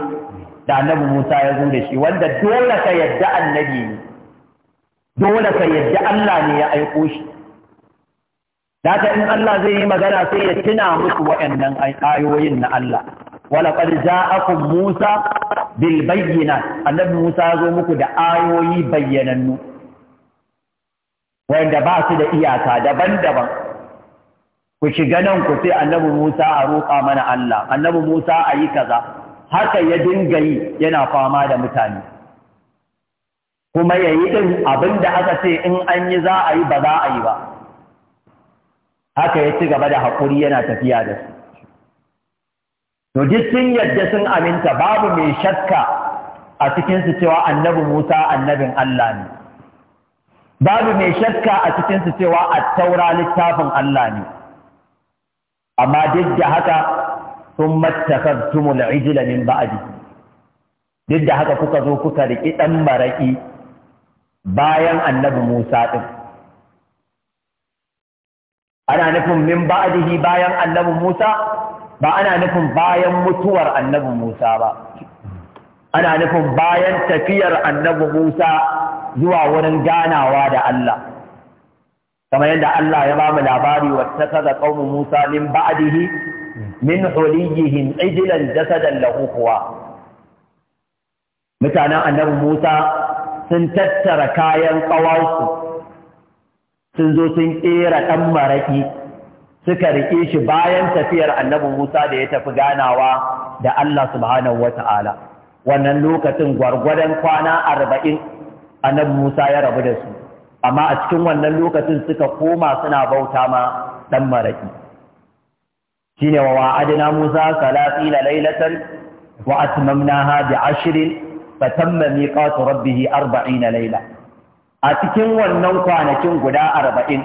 da annabin Musa ya zo da shi wanda dole ka yadda annabi ne dole ka yadda Allah ne ya aiko shi Data in Allah zai yi magana sai ya tuna musu waɗannan ayoyin na Allah. Wala qad akun Musa bil bayyana, annabi Musa zo muku da ayoyi bayyanannu, wanda ba su da iyaka daban-daban. Ku shiga nan ku sai annabi Musa a roƙa mana Allah, annabi Musa a yi kaza, haka ya dinga yi yana fama da mutane. Kuma ya yi ɗin abin da aka ce in an yi za a yi ba za a yi ba. haka ya ci gaba da haƙuri yana tafiya da su to duk sun yadda sun aminta babu mai shakka a cikinsu cewa annabi musa annabin allah ne babu mai shakka a cikinsu cewa a taura littafin allah ne amma duk da haka sun mattakartumul ijila min ba'adi. duk da haka kuka zo kuka riƙi ɗan maraƙi bayan annabi musa ɗin ana nufin min ba'dihi bayan annabi Musa ba ana nufin bayan mutuwar annabi Musa ba ana nufin bayan tafiyar annabi Musa zuwa wurin ganawa da Allah kamar yadda Allah ya ba mu labari wa kaza qaumu Musa min ba'dihi min huliyihim ijlan jasadan lahu kuwa mutanen annabi Musa sun tattara kayan ƙawarsu. sun zo sun ƙera ɗan maraƙi suka riƙe shi bayan tafiyar annabi Musa da ya tafi ganawa da Allah subhanahu wa ta'ala. Wannan lokacin gwargwadon kwana arba'in annabi Musa ya rabu da su, amma a cikin wannan lokacin suka koma suna bauta ma ɗan maraƙi. Shi ne wa wa'adina Musa salasila lailatan wa atmamnaha bi ashirin fatamma miqatu rabbih arba'ina laila. a cikin wannan kwanakin guda arba'in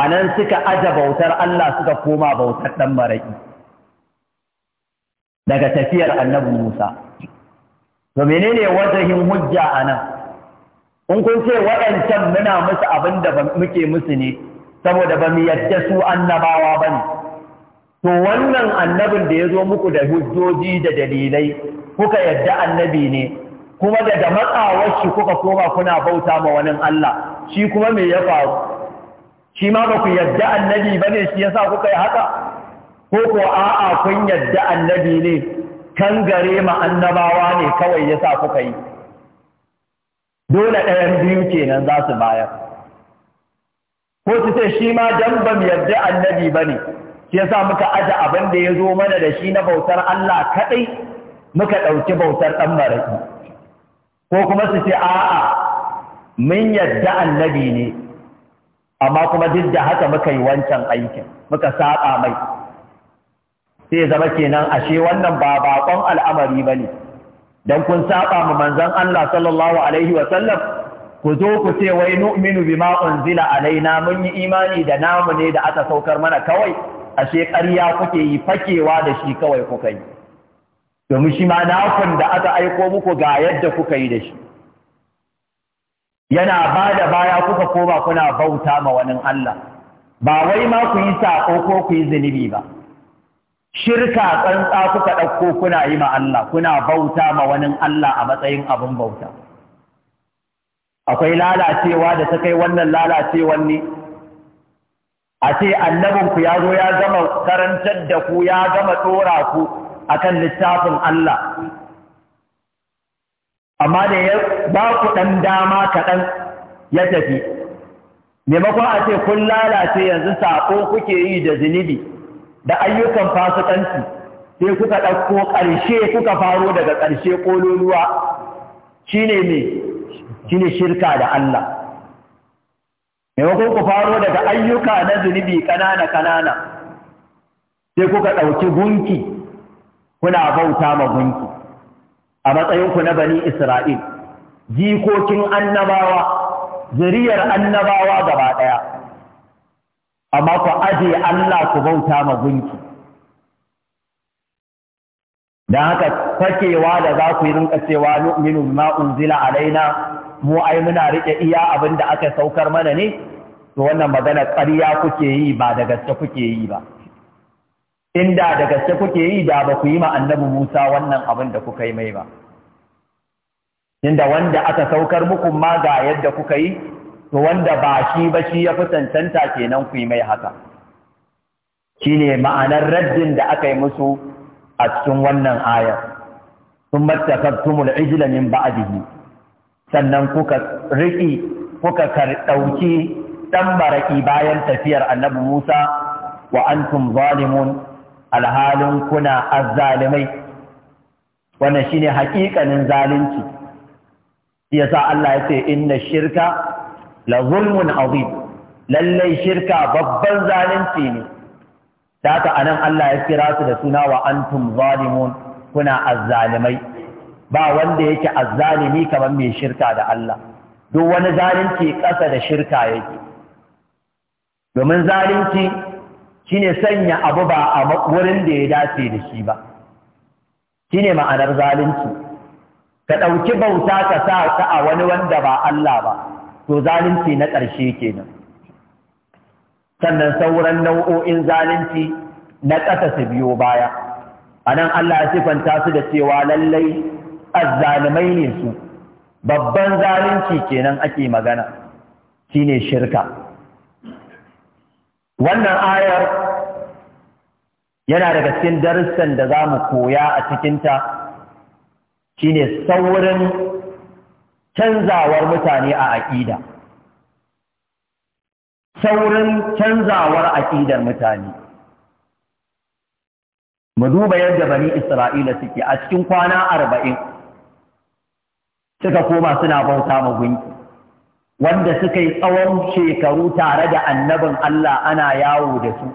a nan suka aje bautar Allah suka koma bautar ɗan maraƙi daga tafiyar annabi Musa. To menene wajahin hujja a nan? In kun ce waɗancan muna musu abin da muke musu ne, saboda ba mu yadda su annabawa ba ne. To wannan annabin da ya zo muku da hujjoji da dalilai, kuka yadda annabi ne, kuma daga matsawar shi kuka koma kuna bauta ma wani Allah shi kuma me ya faru shi ma ba ku yadda annabi ba ne shi ya sa kuka yi haka ko ko a'a kun yadda annabi ne kan gare ma annabawa ne kawai ya sa kuka yi dole ɗayan biyu kenan za su bayar ko su ce shi ma dan ba mu yadda annabi ba ne shi ya sa muka aje abin da ya zo mana da shi na bautar Allah kaɗai muka ɗauki bautar ɗan maraƙi ko kuma su ce a'a mun yadda annabi ne amma kuma duk da haka muka yi wancan aikin muka saba mai sai zama kenan ashe wannan ba bakon al'amari ba ne don kun saba mu manzon Allah sallallahu alaihi wa sallam ku zo ku ce wai nu'minu bima unzila alaina mun yi imani da namu ne da aka saukar mana kawai ashe ƙarya kuke yi fakewa da shi kawai kuka yi domin shi ma nakon da aka aiko muku ga yadda kuka yi da shi yana ba da baya kuka koma kuna bauta ma wani Allah ba wai ma ku yi saƙo ko ku yi zunubi ba shirka tsantsa kuka ɗauko kuna yi ma Allah kuna bauta ma wani Allah a matsayin abin bauta akwai lalacewa da ta kai wannan lalacewan ne a ce annabinku ya zo ya gama karantar da ku ya gama tsora ku akan littafin Allah amma da ya ba ku ɗan dama kaɗan ya tafi maimakon a ce kun lalace yanzu saƙo kuke yi da zunubi da ayyukan fasikanci sai kuka ɗauko ƙarshe kuka faro daga ƙarshe ƙololuwa shine me shine shirka da Allah maimakon ku faro daga ayyuka na zunubi ƙanana ƙanana sai kuka ɗauki gunki kuna bauta ma gunki a matsayinku na bani Isra'il jikokin annabawa zuriyar annabawa gaba ɗaya amma ku aje Allah ku bauta ma gunki dan haka fakewa da za ku yi rinka cewa nu'minu ma unzila alaina mu ai muna riƙe iya abin da aka saukar mana ne to wannan magana ƙarya kuke yi ba da gaske kuke yi ba inda da gaske kuke yi da ba ku yi ma annabi Musa wannan abin da kuka yi mai ba inda wanda aka saukar muku ma ga yadda kuka yi to wanda ba shi ba shi ya fi cancanta kenan ku yi mai haka Shi ne ma'anar raddin da aka yi musu a cikin wannan ayar sun matakattumul ijla min ba'dihi sannan kuka riƙi kuka ɗauki ɗan baraki bayan tafiyar annabi Musa wa antum zalimun alhalin kuna azzalimai wannan shine hakikanin zalunci yasa Allah ya ce inna shirka la zulmun azim lallai shirka babban zalunci ne Daka anan Allah ya kira su da suna wa antum zalimun kuna azzalimai ba wanda yake azzalimi kamar mai shirka da Allah duk wani zalunci ƙasa da shirka yake domin zalunci ne sanya abu ba a wurin da ya dace da shi ba ne ma'anar zalunci ka ɗauki bauta ka sa ka a wani wanda ba Allah ba to zalunci na ƙarshe kenan sannan sauran nau'o'in zalunci na ƙasa su biyo baya a nan Allah ya sifanta su da cewa lallai azzalumai ne su babban zalunci kenan ake magana ne shirka wannan ayar yana daga cikin darussan da za mu koya a cikinta ne saurin canzawar mutane a aƙida saurin canzawar aƙidar mutane mu duba yadda bani isra'ila suke a cikin kwana arba'in suka koma suna bauta mugunki gunki wanda suka yi tsawon shekaru tare da annabin Allah ana yawo da su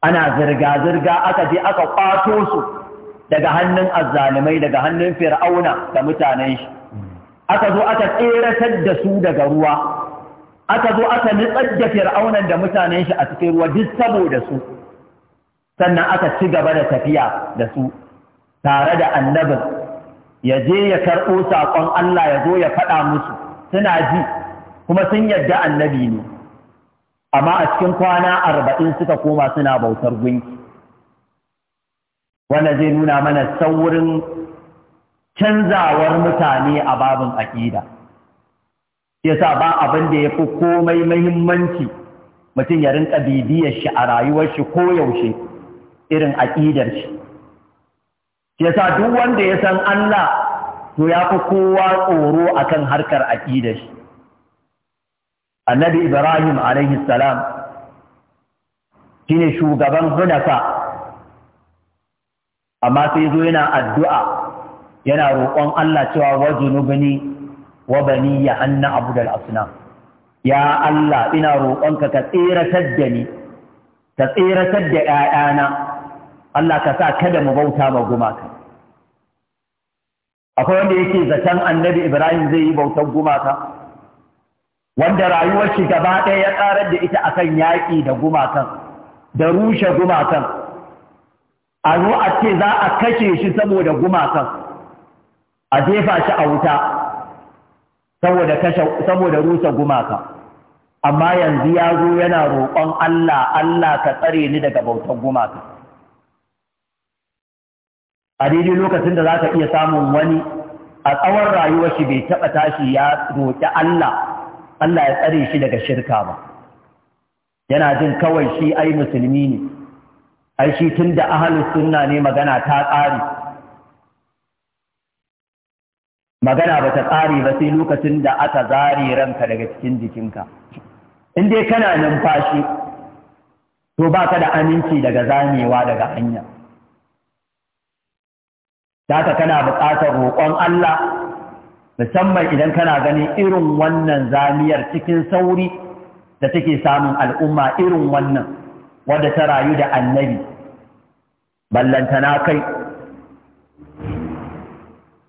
ana zirga-zirga aka je aka kwato su daga hannun azzalumai daga hannun fir'auna da mutanen shi aka zo aka tseratar da su daga ruwa aka zo aka nitsar da fir'aunan da mutanen shi a cikin ruwa duk saboda su sannan aka ci gaba da tafiya da su tare da annabin ya je ya karɓo saƙon Allah ya zo ya faɗa musu suna ji kuma sun yarda annabi ne amma a cikin kwana arba'in suka koma suna bautar gunki wanda zai nuna mana saurin canzawar mutane a babin aƙida yasa ba abin da ya fi komai mahimmanci mutum ya rinka bibiyar shi a rayuwar shi yaushe irin aƙidar shi yasa duk wanda ya san Allah to ya fi kowa tsoro akan harkar aƙidar shi annabi ibrahim alaihi salam shine shugaban hunafa amma sai zo yana addu'a yana roƙon Allah cewa wajunubni wa bani ya anna Abdul asnam ya Allah ina roƙonka ka tseratar da ni ka tseratar da ‘ya'yana, Allah ka sa kada mu bauta ma gumaka. Akwai wanda yake zaton annabi Ibrahim zai yi bautar gumaka? wanda rayuwar shi gaba ɗaya ya tsarar da ita akan yaƙi da gumakan da rushe gumakan a zo a ce za a kashe shi saboda gumakan a jefa shi a wuta saboda kashe saboda rusa gumaka amma yanzu ya zo yana roƙon Allah Allah ka tsare ni daga bautar gumaka a daidai lokacin da za ka iya samun wani a tsawon rayuwar shi bai taɓa tashi ya roƙi Allah Allah ya tsare shi daga shirka ba yana jin kawai shi ai musulmi ne ai shi tun da Ahlus sunna ne magana ta tsari magana ba ta tsari ba sai lokacin da aka zare ranka daga cikin jikinka in dai kana numfashi to ba da aminci daga zamewa daga hanya Daka kana buƙatar roƙon Allah musamman idan kana gani irin wannan zamiyar cikin sauri da take samun al'umma irin wannan wadda ta rayu da annabi ballantana kai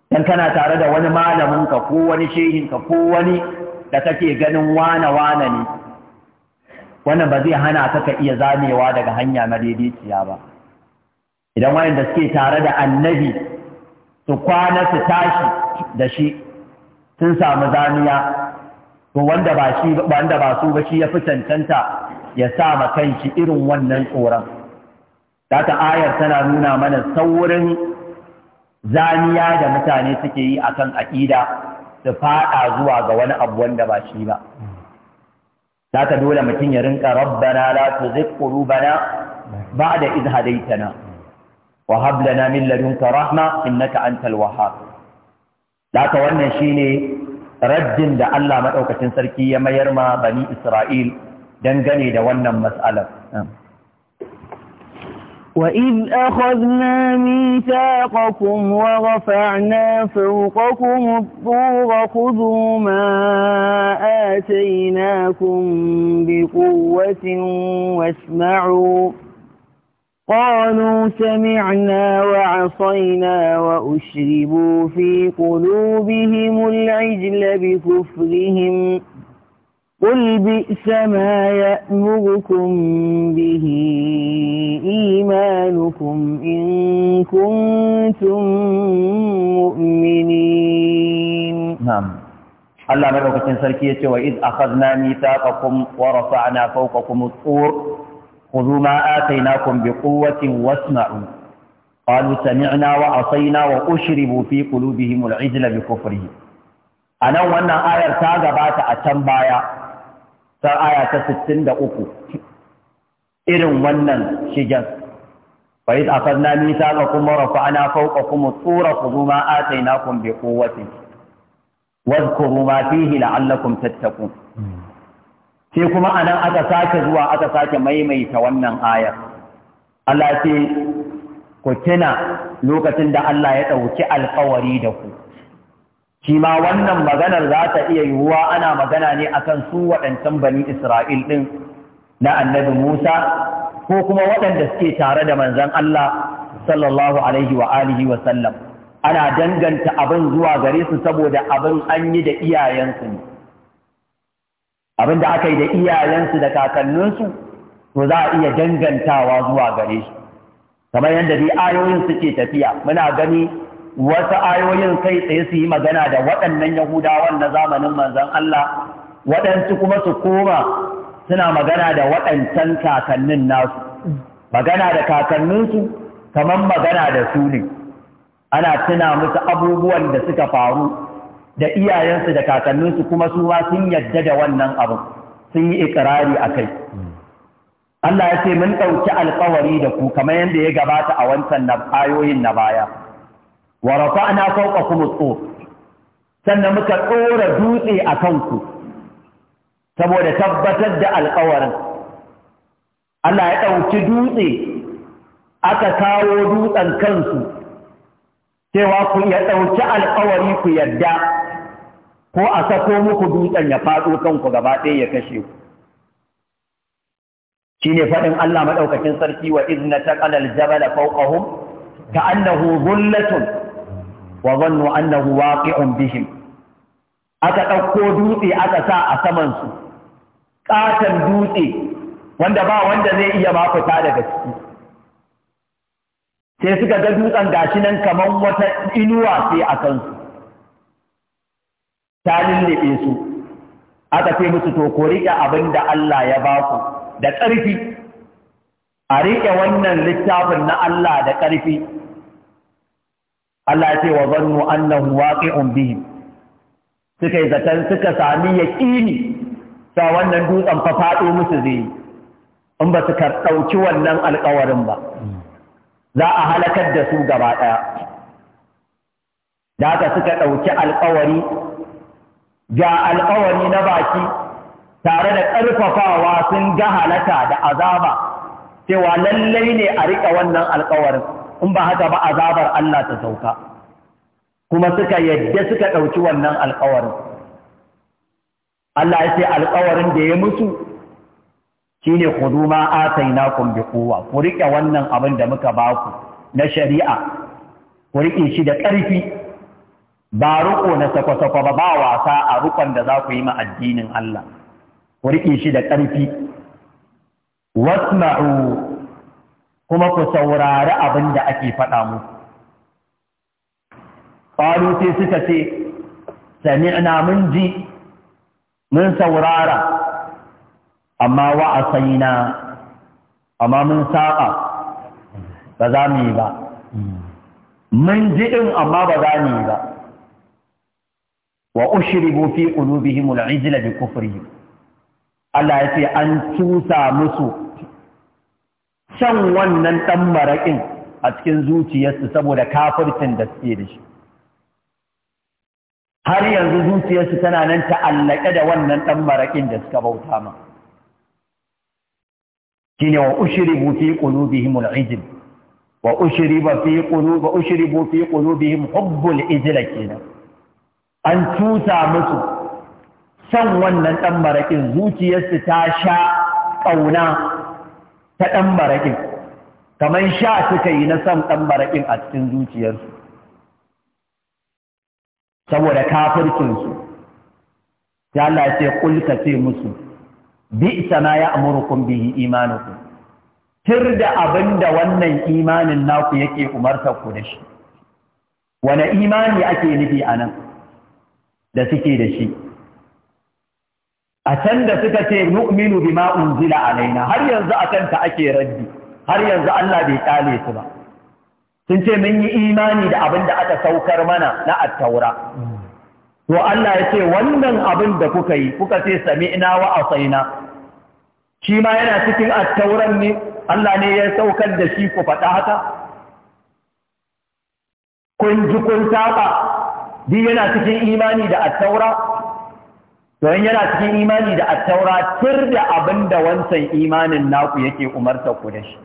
dan kana tare da wani malaminka ko wani shehinka ko wani da kake ganin wana-wana ne wannan ba zai hana ka ka iya zamewa daga hanya madaidaiciya ba idan wayanda suke tare da annabi su kwana su tashi da shi sun samu zaniya to wanda ba shi wanda ba su ba shi ya fi cancanta ya sa ma shi irin wannan tsoron data ayar tana nuna mana saurin zaniya da mutane suke yi akan aƙida su faɗa zuwa ga wani abu wanda ba shi ba data dole mutum ya rinka rabbana la tuzigh qulubana ba'da idh hadaytana wa hab lana min ladunka rahma innaka antal wahhab Daka wannan shine rajin da Allah maɗaukacin sarki ya mayar ma bani Isra'il dangane da wannan matsalar. وإذ أخذنا ميثاقكم ورفعنا فوقكم الطور خذوا ما آتيناكم بقوة واسمعوا قالوا سمعنا وعصينا وأشربوا في قلوبهم العجل بكفرهم قل بئس ما يأمركم به إيمانكم إن كنتم مؤمنين نعم الله مدوكتين سركية وإذ أخذنا ميثاقكم ورفعنا فوقكم الطور خذوا ما آتيناكم بقوة واسمعوا قالوا سمعنا وعصينا وأشربوا في قلوبهم العجل بكفرهم أنا وأنا آية تاغبات أتنبايا فآية ستين دقوق إرن ونن شجن فإذ أخذنا ميثاقكم ورفعنا فوقكم الطور خذوا ما آتيناكم بقوة واذكروا ما فيه لعلكم تتقون sai kuma a nan aka sake zuwa aka sake maimaita wannan ayar Allah ce ku tuna lokacin da Allah ya ɗauki alkawari da ku shi wannan maganar za ta iya yiwuwa ana magana ne akan su waɗancan bani Isra'il ɗin na annabi Musa ko kuma waɗanda suke tare da manzon Allah sallallahu alaihi wa alihi wa sallam ana danganta abin zuwa gare su saboda abin an yi da iyayensu ne abin da aka yi da iyayensu da kakanninsu to za a iya dangantawa zuwa gare shi kamar yadda dai ayoyin suke tafiya muna gani wasu ayoyin kai tsaye su yi magana da waɗannan Yahudawa na zamanin manzon Allah waɗansu kuma su koma suna magana da waɗancan kakannin nasu magana da kakanninsu kamar magana da su ne ana tuna musu abubuwan da suka faru da iyayensu da kakanninsu kuma su ma sun yadda da wannan abu sun yi ikirari a kai Allah ya ce mun ɗauki alkawari da ku kamar yadda ya gabata a wancan na ayoyin na baya wa ana sauƙa kuma sur sannan muka tsora dutse a kanku saboda tabbatar da alkawarin Allah ya ɗauki dutse aka kawo dutsen kansu cewa ku ya ɗauki alkawari ku yadda ko a sako muku dutsen ya faɗo kanku gaba ɗaya ya kashe ku Shi ne faɗin Allah maɗaukakin sarki wa izna taqala al-jabala ta annahu gullatun, wa dhannu annahu waqi'un bihim aka ɗauko dutse aka sa a saman su ƙaton dutse wanda ba wanda zai iya ma fita daga ciki sai suka ga dutsen gashi nan kamar wata inuwa sai a kansu ta lullube su aka ce musu to ku riƙe abin da Allah ya ba ku da ƙarfi a riƙe wannan littafin na Allah da ƙarfi Allah ya ce wa zannu annahu waqi'un bihim suka yi zaton suka sami yaƙini ta wannan dutsen fa faɗo musu zai yi in ba su ka ɗauki wannan alƙawarin ba za a halakar da su gaba ɗaya da aka suka ɗauki alƙawari ga alƙawari na baki tare da ƙarfafawa sun ga halata da azaba cewa lallai ne a riƙa wannan alƙawarin in ba haka ba azabar Allah ta sauka kuma suka yadda suka ɗauki wannan alƙawarin Allah ya ce alƙawarin da ya mutu shine a ma na kumbi kowa ku riƙe wannan abin da muka baku na shari'a ku riƙe shi da ƙarfi ba riko na sakwa-sakwa ba ba wasa a rukon da za ku yi ma Allah ku riƙe shi da ƙarfi wasu kuma ku saurari abin da ake faɗa mu ƙwaro sai suka ce na mun ji mun saurara amma na, amma mun saƙa ba za mu yi ba hmm. mun ji ɗin amma ba za mu yi ba وأشربوا في قلوبهم العزل بكفرهم ألا يتي أن توسى مسو شنوان ننتمر إن أتكن زوتي يستسبو لكافر تندسيرش هل ينزو زوتي يستسنا ننتع ألا أدوان ننتمر إن دسكبو تاما كيني وأشربوا في قلوبهم العزل وأشرب في وأشربوا في قلوبهم حب الإزل كينا an cuta musu son wannan ɗan maraƙin zuciyarsu ta sha ƙauna ta ɗan maraƙin kamar sha suka yi na son ɗan maraƙin a cikin zuciyarsu saboda kafircinsu ya Allah ce ce musu bi sana ya amurukum bihi imaninku. tir da abinda wannan imanin naku yake umartarku ku da shi wani imani ake nufi a nan da suke da shi a can da suka ce mu'minu bima unzila alaina har yanzu akan ta ake raddi har yanzu Allah bai kale su ba sun ce mun yi imani da abin da aka saukar mana na attaura to Allah ya ce wannan abin da kuka yi kuka ce sami'na wa asaina shi ma yana cikin attauran ne Allah ne ya saukar da shi ku faɗa haka kun ji kun saba duk yana cikin imani da attaura to don yana cikin imani da attaura tir da abin da wancan imanin naku yake umarta ku da shi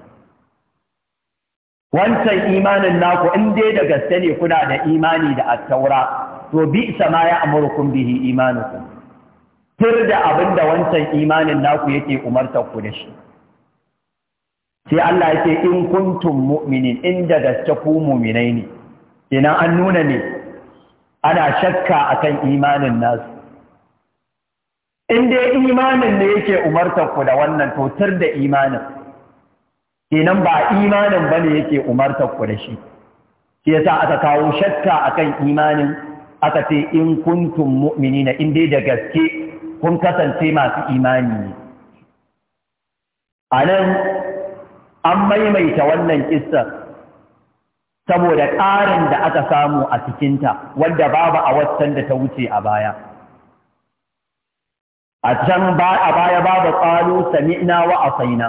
wancan imanin naku in dai da gaske ne kuna da imani da attaura to bi sama ya amurkum bihi imaninku. tir da abin da wancan imanin naku yake umarta ku da shi sai Allah yake in kuntum mu'minin in da gaske ku mu'minai ne kenan an nuna ne ana shakka akan imanin nasu in imanin ne yake umartar ku da wannan totar da imanin kenan ba imanin bane yake umartar ku da shi shi yasa aka kawo shakka akan imanin aka ce in kuntum mu'minina in dai da gaske kun kasance masu imani ne a an maimaita wannan kissar saboda ƙarin da aka samu a cikinta wadda babu a waccan da ta wuce a baya a can ba a baya babu ƙalu sami'na wa asaina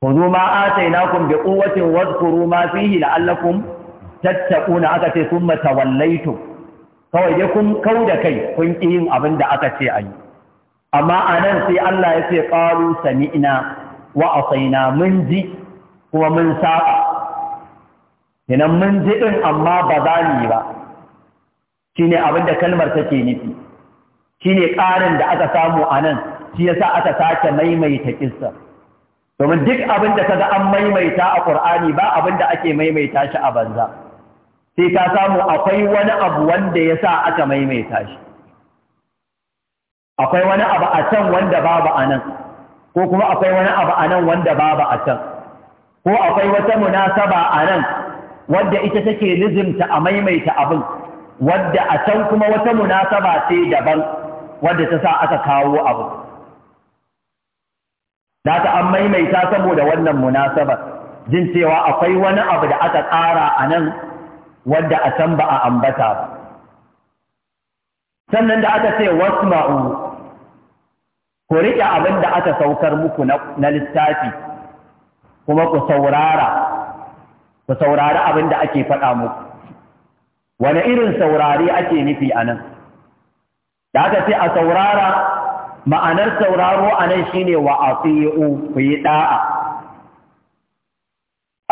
khudhu ma kun bi wasu wadhkuru ma fihi la'allakum tattaquna aka ce summa wallaito. kawai dai kun kau da kai kun ƙi yin abin da aka ce ayi amma anan sai Allah ya ce qalu sami'na wa asaina mun ji kuma mun saba Inan mun ji ɗin amma ba za yi ba ne abin da kalmar take nufi ne ƙarin da aka samu a nan shi sa aka sake maimaita kissa domin duk abin da kaga an maimaita a ƙur'ani ba abin da ake maimaita shi a banza sai ka samu akwai wani abu wanda ya sa aka maimaita shi akwai wani abu a can wanda babu a nan ko kuma akwai wani abu a nan wanda babu a can ko akwai wata munasaba a nan wadda ita take lizimta a maimaita abin wadda a can kuma wata munasaba ce daban wadda ta sa aka kawo abu da ta an maimaita saboda wannan munasabar jin cewa akwai wani abu da aka ƙara a nan wadda a can ba a ambata ba sannan da aka ce wasma'u ku riƙe abin da aka saukar muku na littafi kuma ku saurara ku saurari abin da ake faɗa muku wani irin saurari ake nufi a nan da aka ce a saurara ma'anar sauraro a nan shi ne wa a ku yi ɗa'a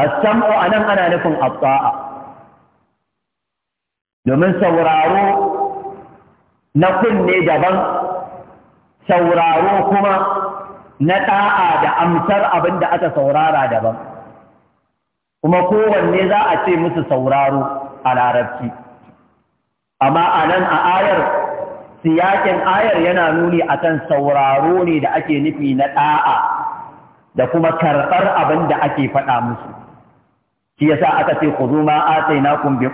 a sam'u a nan ana nufin abba'a domin sauraro na kunne daban sauraro kuma na ɗa'a da amsar abin da aka saurara daban kuma kowanne za a ce musu sauraro a larabci amma a nan a ayar siyakin ayar yana nuni akan sauraro ne da ake nufi na ɗa'a da kuma karɓar abin da ake faɗa musu shi yasa aka ce ku zo ma atainakum bi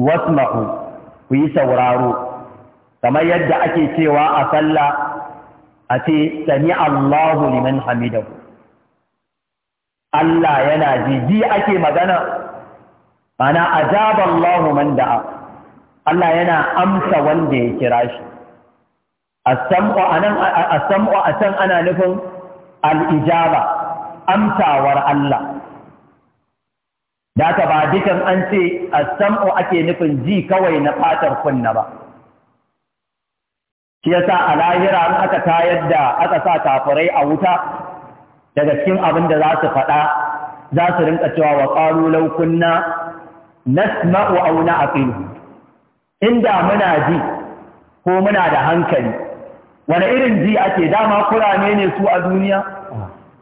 wasu mahu ku yi sauraro kamar yadda ake cewa a sallah a ce sami Allahu liman hamidahu Allah yana ji ji ake magana mana ajaba Allahu man da'a Allah yana amsa wanda ya kira shi as-sam'u anan as-sam'u atan ana nufin al-ijaba amsawar Allah da ba dukan an ce as-sam'u ake nufin ji kawai na fatar kunna ba shi yasa a lahira an aka tayar da aka sa kafirai a wuta daga cikin abin da za su faɗa za su rinka cewa wa ƙaru laukunna nasma'u aw na'qilu inda muna ji ko muna da hankali wani irin ji ake dama kurame ne su a duniya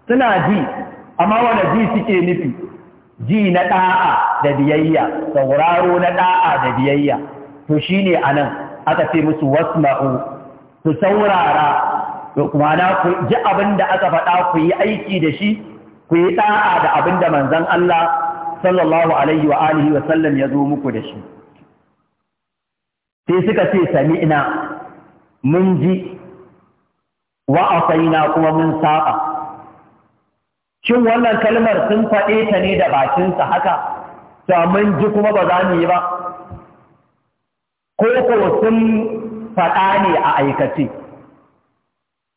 suna ji amma wani ji suke nufi ji na ɗa'a da biyayya sauraro na ɗa'a da biyayya to shine anan aka ce musu wasma'u su saurara kuma na ku ji abin da aka faɗa ku yi aiki da shi ku yi ɗa'a da abin da manzon Allah sallallahu alaihi wa alihi wa sallam ya zo muku da shi sai suka ce sami'na mun ji wa asaina kuma mun saba shin wannan kalmar sun faɗe ta ne da bakinsa haka to mun ji kuma ba za mu yi ba ko ko sun faɗa ne a aikace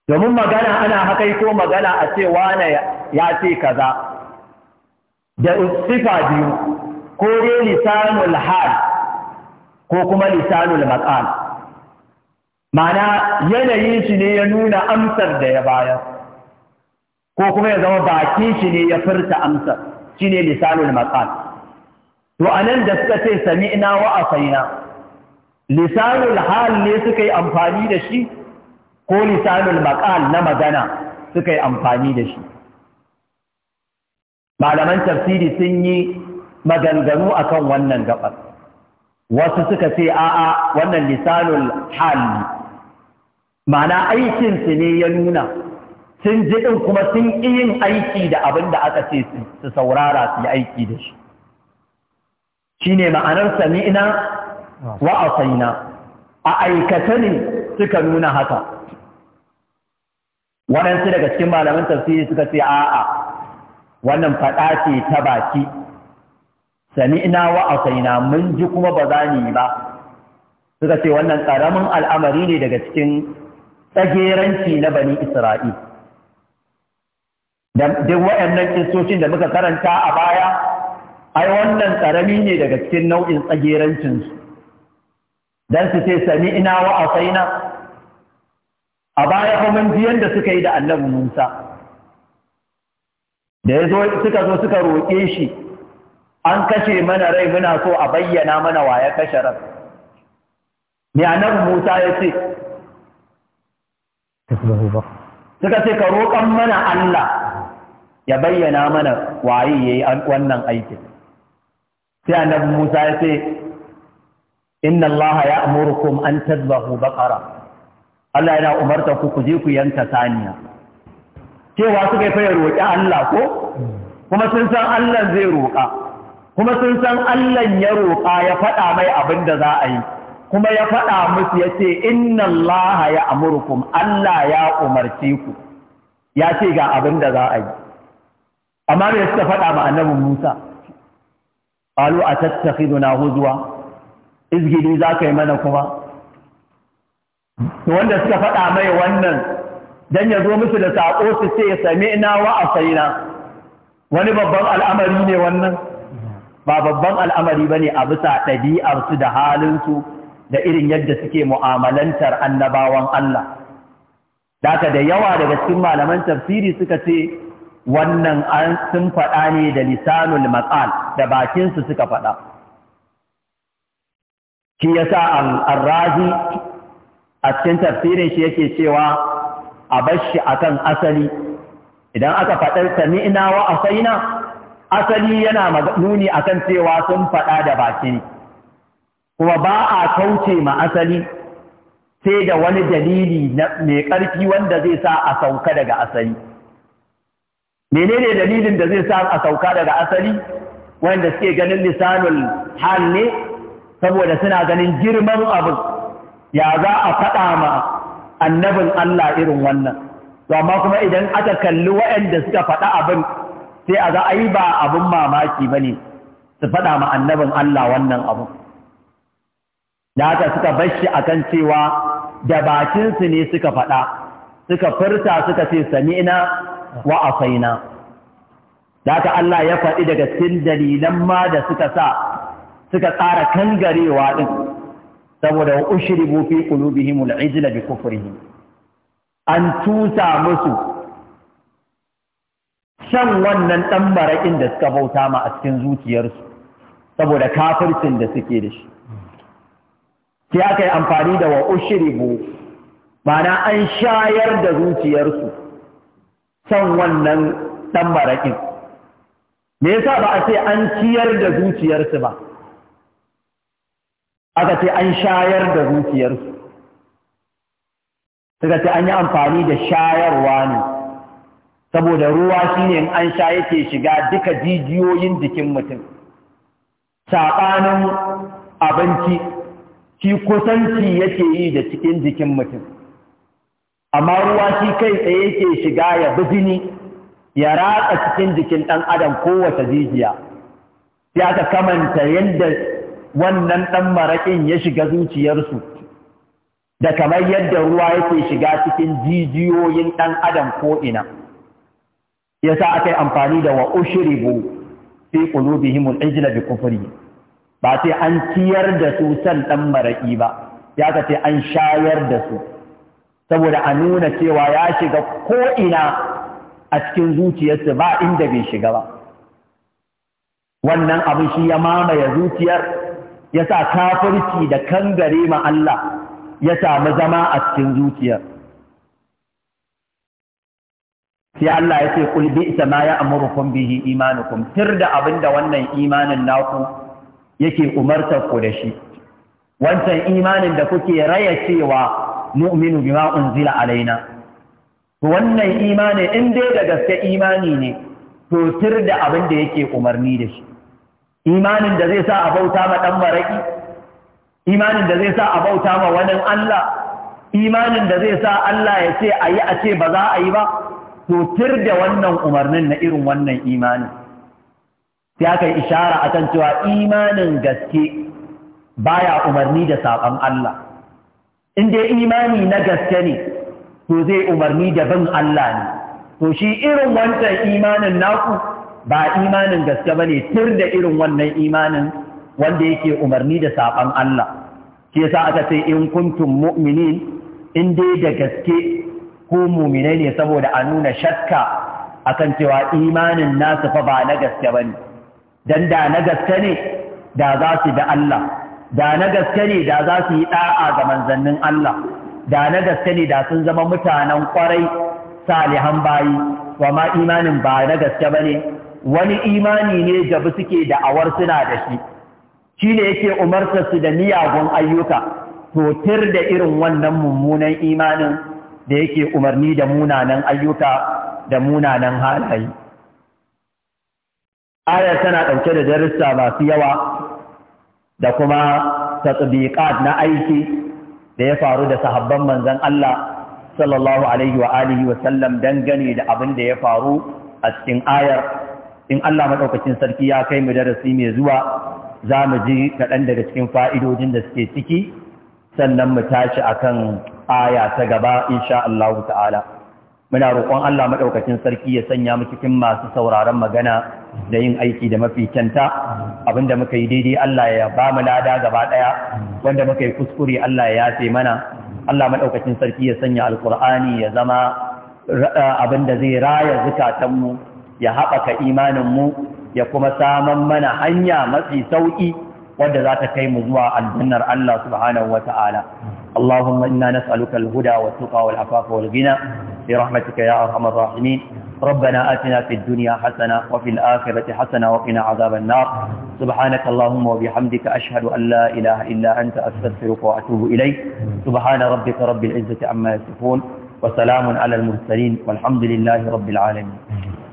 domin magana ana haka ko magana a ce wane ya ce kaza da sifa biyu ko dai lisanul hal ko kuma lisanul maqal mana yanayin shi ne ya nuna amsar da ya bayar ko kuma ya zama bakin shi ne ya furta amsar shi ne lisanul maqal to anan da suka ce sami'na wa asaina lisanul hal ne suka yi amfani da shi ko lisanul maqal na magana suka yi amfani da shi malaman tafsiri sun yi maganganu akan wannan gabar wasu suka ce a'a wannan lisanul hal mana aikin su ne ya nuna sun ji din kuma sun yin aiki da abin da aka ce su saurara su yi aiki da shi shine ma'anar sami'na wa a aikata ne suka nuna haka waɗansu daga cikin malaman tafsiri suka ce a'a wannan faɗa ce ta baki sami'na wa asaina mun ji kuma ba za ni ba suka ce wannan ƙaramin al'amari ne daga cikin tsageranci na bani isra'il duk waɗannan kistocin da muka karanta a baya ai wannan ƙarami ne daga cikin nau'in tsagerancinsu don su ce sami'na wa asaina a baya fa mun ji yanda suka yi da annabi Musa da yazo suka zo suka roƙe shi an kashe mana rai muna so a bayyana mana waye kashe ne annabi Musa ya ce suka ce ka roƙan mana Allah ya bayyana mana waye yayi wannan aiki sai annabi Musa ya ce inna Allah ya'murukum an tadbahu baqara Allah yana umarta ku ku je ku yanka saniya cewa suka yi fayar roƙi Allah ko kuma sun san Allah zai roƙa kuma sun san Allah ya roƙa ya faɗa mai abin da za a yi kuma ya faɗa musu ya ce inna Allah ya amurkum Allah ya umarci ku ya ce ga abin da za a yi amma me suka faɗa ma annabin Musa a tattafi huzwa izgili za ka yi mana kuma to wanda suka faɗa mai wannan dan ya zo musu da sako su ce sami'na wa asaina wani babban al'amari ne wannan ba babban al'amari bane a bisa su da halin su da irin yadda suke mu'amalantar annabawan Allah daga da yawa daga cikin malaman tafsiri suka ce wannan an sun faɗa ne da lisanul maqal da bakinsu suka faɗa. Shi yasa al-Razi a cikin tafsirin shi yake cewa a bashi akan asali idan aka faɗar sami'na wa asaina asali yana nuni akan cewa sun faɗa da baki kuma ba a kauce ma asali sai da wani dalili mai ƙarfi wanda zai sa a sauka daga asali menene dalilin da zai sa a sauka daga asali wanda suke ganin lisanun hal ne saboda suna ganin girman abin ya za a faɗa ma annabin Allah irin wannan to amma kuma idan aka kalli waɗanda suka faɗa abin sai a za a yi ba abin mamaki ba ne su faɗa ma annabin Allah wannan abu da haka suka bashi kan cewa da bakinsu ne suka faɗa suka furta suka ce sami'na wa asaina da haka Allah ya faɗi daga cikin dalilan ma da suka sa suka tsara kangarewa ɗin? saboda ushribu fi qulubihim al'ijla bi kufrihim an tusa musu shan wannan dan barakin da suka bauta ma a cikin zuciyarsu saboda kafircin da suke da shi sai aka yi amfani da wa ushribu mana an shayar da zuciyarsu san wannan dan barakin me yasa ba a ce an ciyar da zuciyarsu ba aka ce an shayar da zuciyarsu suka ce an yi amfani da shayarwa ne saboda ruwa shine in an sha yake shiga duka jijiyoyin jikin mutum saɓanin abinci shi kusanci yake yi da cikin jikin mutum amma ruwa shi kai tsaye yake shiga ya bi jini ya ratsa cikin jikin ɗan adam kowace jijiya sai aka kamanta yadda wannan ɗan maraƙin ya shiga zuciyarsu da kamar yadda ruwa yake shiga cikin jijiyoyin ɗan adam ko'ina ya sa aka yi amfani da wa ushiribu fi ƙulubihimul ijila bi kufuri ba sai an ciyar da su san ɗan maraƙi ba ya ka ce an shayar da su saboda a nuna cewa ya shiga ko'ina a cikin zuciyarsu ba inda bai shiga ba wannan abin shi ya mamaye zuciyar ya sa kafirci da kangare ma Allah ya samu zama a cikin zuciyar sai Allah ya ce kulbi bi isa ma ya kun bihi da abin da wannan imanin naku yake umartar ku da shi wancan imanin da kuke raya cewa nu'minu bima unzila alaina to wannan imanin in dai da gaske imani ne to da abin da yake umarni da shi imanin da zai sa a bauta ma ɗan maraƙi imanin da zai sa a bauta ma wani Allah imanin da zai sa Allah ya ce a yi a ce ba za a yi ba to da wannan umarnin na irin wannan imanin sai aka yi ishara akan cewa imanin gaske baya umarni da saɓan Allah in dai imani na gaske ne to zai umarni da bin Allah ne to shi irin wancan imanin naku ba imanin gaske ne tur da irin wannan imanin wanda yake umarni da saɓan Allah Ke sa aka ce in kuntum mu'minin in dai da gaske ko mu'minai ne saboda a nuna shakka akan cewa imanin nasu fa ba na gaske ne? dan da na gaske ne da za su da Allah da na gaske ne da za su yi ɗa'a ga manzannin Allah da na gaske ne da sun zama mutanen kwarai salihan bayi wa ma imanin ba na gaske bane wani imani ne ba suke da'awar suna da shi shi ne yake umarta su da miyagun ayyuka totir da irin wannan mummunan imanin da yake umarni da munanan ayyuka da munanan halaye ayar tana ɗauke da darussa masu yawa da kuma tatbiqat na aiki da ya faru da sahabban manzon Allah sallallahu alaihi wa alihi dangane da abin da ya faru a cikin ayar in Allah maɗaukacin sarki ya kai mu darasi mai zuwa za mu ji kaɗan daga cikin fa'idojin da suke ciki sannan mu tashi a kan aya ta gaba insha Allah ta'ala muna roƙon Allah maɗaukacin sarki ya sanya mu cikin masu sauraron magana da yin aiki da mafi kyanta abinda muka yi daidai Allah ya ba mu lada gaba ɗaya wanda muka yi kuskure Allah ya yafe mana Allah maɗaukacin sarki ya sanya alƙur'ani ya zama abinda zai raya zukatanmu ya haɓaka mu ya kuma saman mana hanya matsi sauƙi wadda za ta kai mu zuwa aljannar Allah subhanahu wa ta’ala. Allahumma ina nas’aluka al-huda wa tuƙa wal al’afafa wa al-gina, fi rahmatika ya arhamar rahimi, rabbana atina fi hasana wa fi al’akirati hasana wa fina azaban na. Subhanaka Allahumma wa bihamdika ashhadu an la ilaha illa anta astaghfiruka wa atubu ilai. Subhana rabbika rabbil izzati amma yasifun wa salamun ala mursalin walhamdulillahi rabbil alamin.